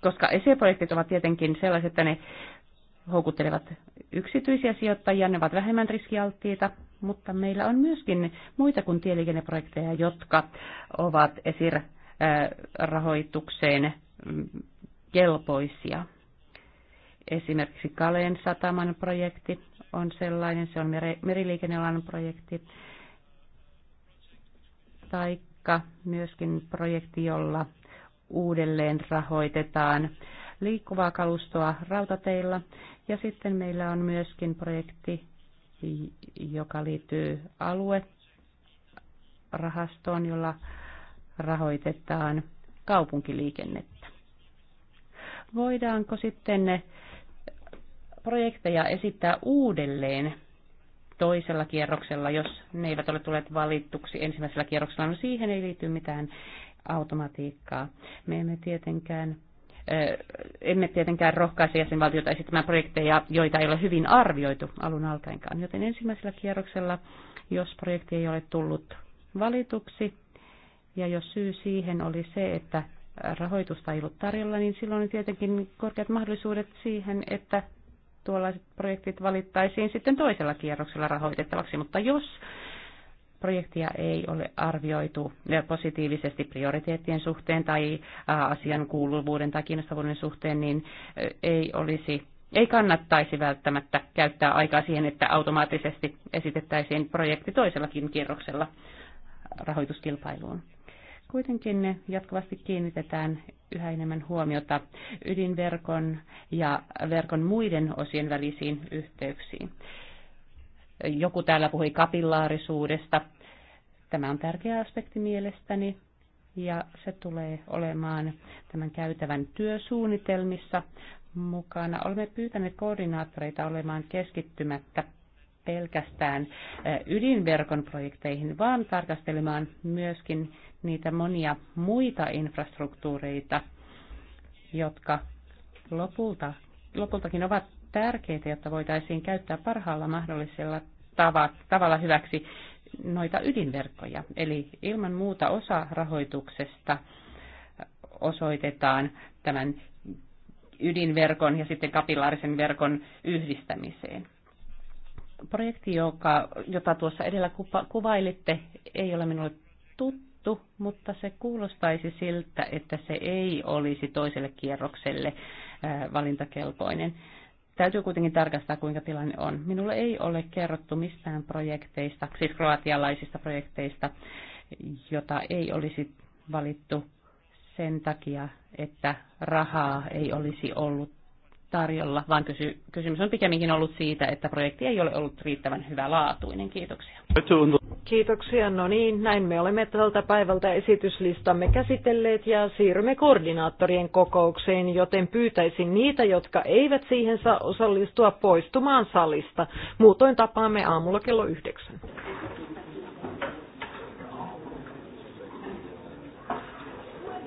koska ESIR-projektit ovat tietenkin sellaiset, että ne houkuttelevat yksityisiä sijoittajia, ne ovat vähemmän riskialttiita, mutta meillä on myöskin muita kuin tieliikenneprojekteja, jotka ovat ESIR-rahoitukseen äh, mm, kelpoisia. Esimerkiksi Kaleen sataman projekti on sellainen, se on meriliikennealan projekti. Taikka myöskin projekti, jolla uudelleen rahoitetaan liikkuvaa kalustoa rautateilla. Ja sitten meillä on myöskin projekti, joka liittyy rahastoon, jolla rahoitetaan kaupunkiliikennettä. Voidaanko sitten projekteja esittää uudelleen toisella kierroksella, jos ne eivät ole tulleet valituksi ensimmäisellä kierroksella. No siihen ei liity mitään automatiikkaa. Me emme tietenkään emme tietenkään rohkaise jäsenvaltiota esittämään projekteja, joita ei ole hyvin arvioitu alun alkaenkaan. Joten ensimmäisellä kierroksella, jos projekti ei ole tullut valituksi, ja jos syy siihen oli se, että rahoitusta ei ollut tarjolla, niin silloin on tietenkin korkeat mahdollisuudet siihen, että tuollaiset projektit valittaisiin sitten toisella kierroksella rahoitettavaksi, mutta jos projektia ei ole arvioitu positiivisesti prioriteettien suhteen tai asian kuuluvuuden tai kiinnostavuuden suhteen, niin ei olisi ei kannattaisi välttämättä käyttää aikaa siihen, että automaattisesti esitettäisiin projekti toisellakin kierroksella rahoituskilpailuun. Kuitenkin ne jatkuvasti kiinnitetään yhä enemmän huomiota ydinverkon ja verkon muiden osien välisiin yhteyksiin. Joku täällä puhui kapillaarisuudesta. Tämä on tärkeä aspekti mielestäni ja se tulee olemaan tämän käytävän työsuunnitelmissa mukana. Olemme pyytäneet koordinaattoreita olemaan keskittymättä pelkästään eh, ydinverkon projekteihin, vaan tarkastelemaan myöskin niitä monia muita infrastruktuureita, jotka lopulta, lopultakin ovat tärkeitä, jotta voitaisiin käyttää parhaalla mahdollisella tavalla hyväksi noita ydinverkkoja. Eli ilman muuta osa rahoituksesta osoitetaan tämän ydinverkon ja sitten kapillaarisen verkon yhdistämiseen projekti, joka, jota tuossa edellä kuva, kuvailitte, ei ole minulle tuttu, mutta se kuulostaisi siltä, että se ei olisi toiselle kierrokselle äh, valintakelpoinen. Täytyy kuitenkin tarkastaa, kuinka tilanne on. Minulle ei ole kerrottu mistään projekteista, siis kroatialaisista projekteista, jota ei olisi valittu sen takia, että rahaa ei olisi ollut tarjolla, vaan kysy, kysymys on pikemminkin ollut siitä, että projekti ei ole ollut riittävän laatuinen. Kiitoksia. Kiitoksia. No niin, näin me olemme tältä päivältä esityslistamme käsitelleet ja siirrymme koordinaattorien kokoukseen, joten pyytäisin niitä, jotka eivät siihen saa osallistua poistumaan salista. Muutoin tapaamme aamulla kello yhdeksän.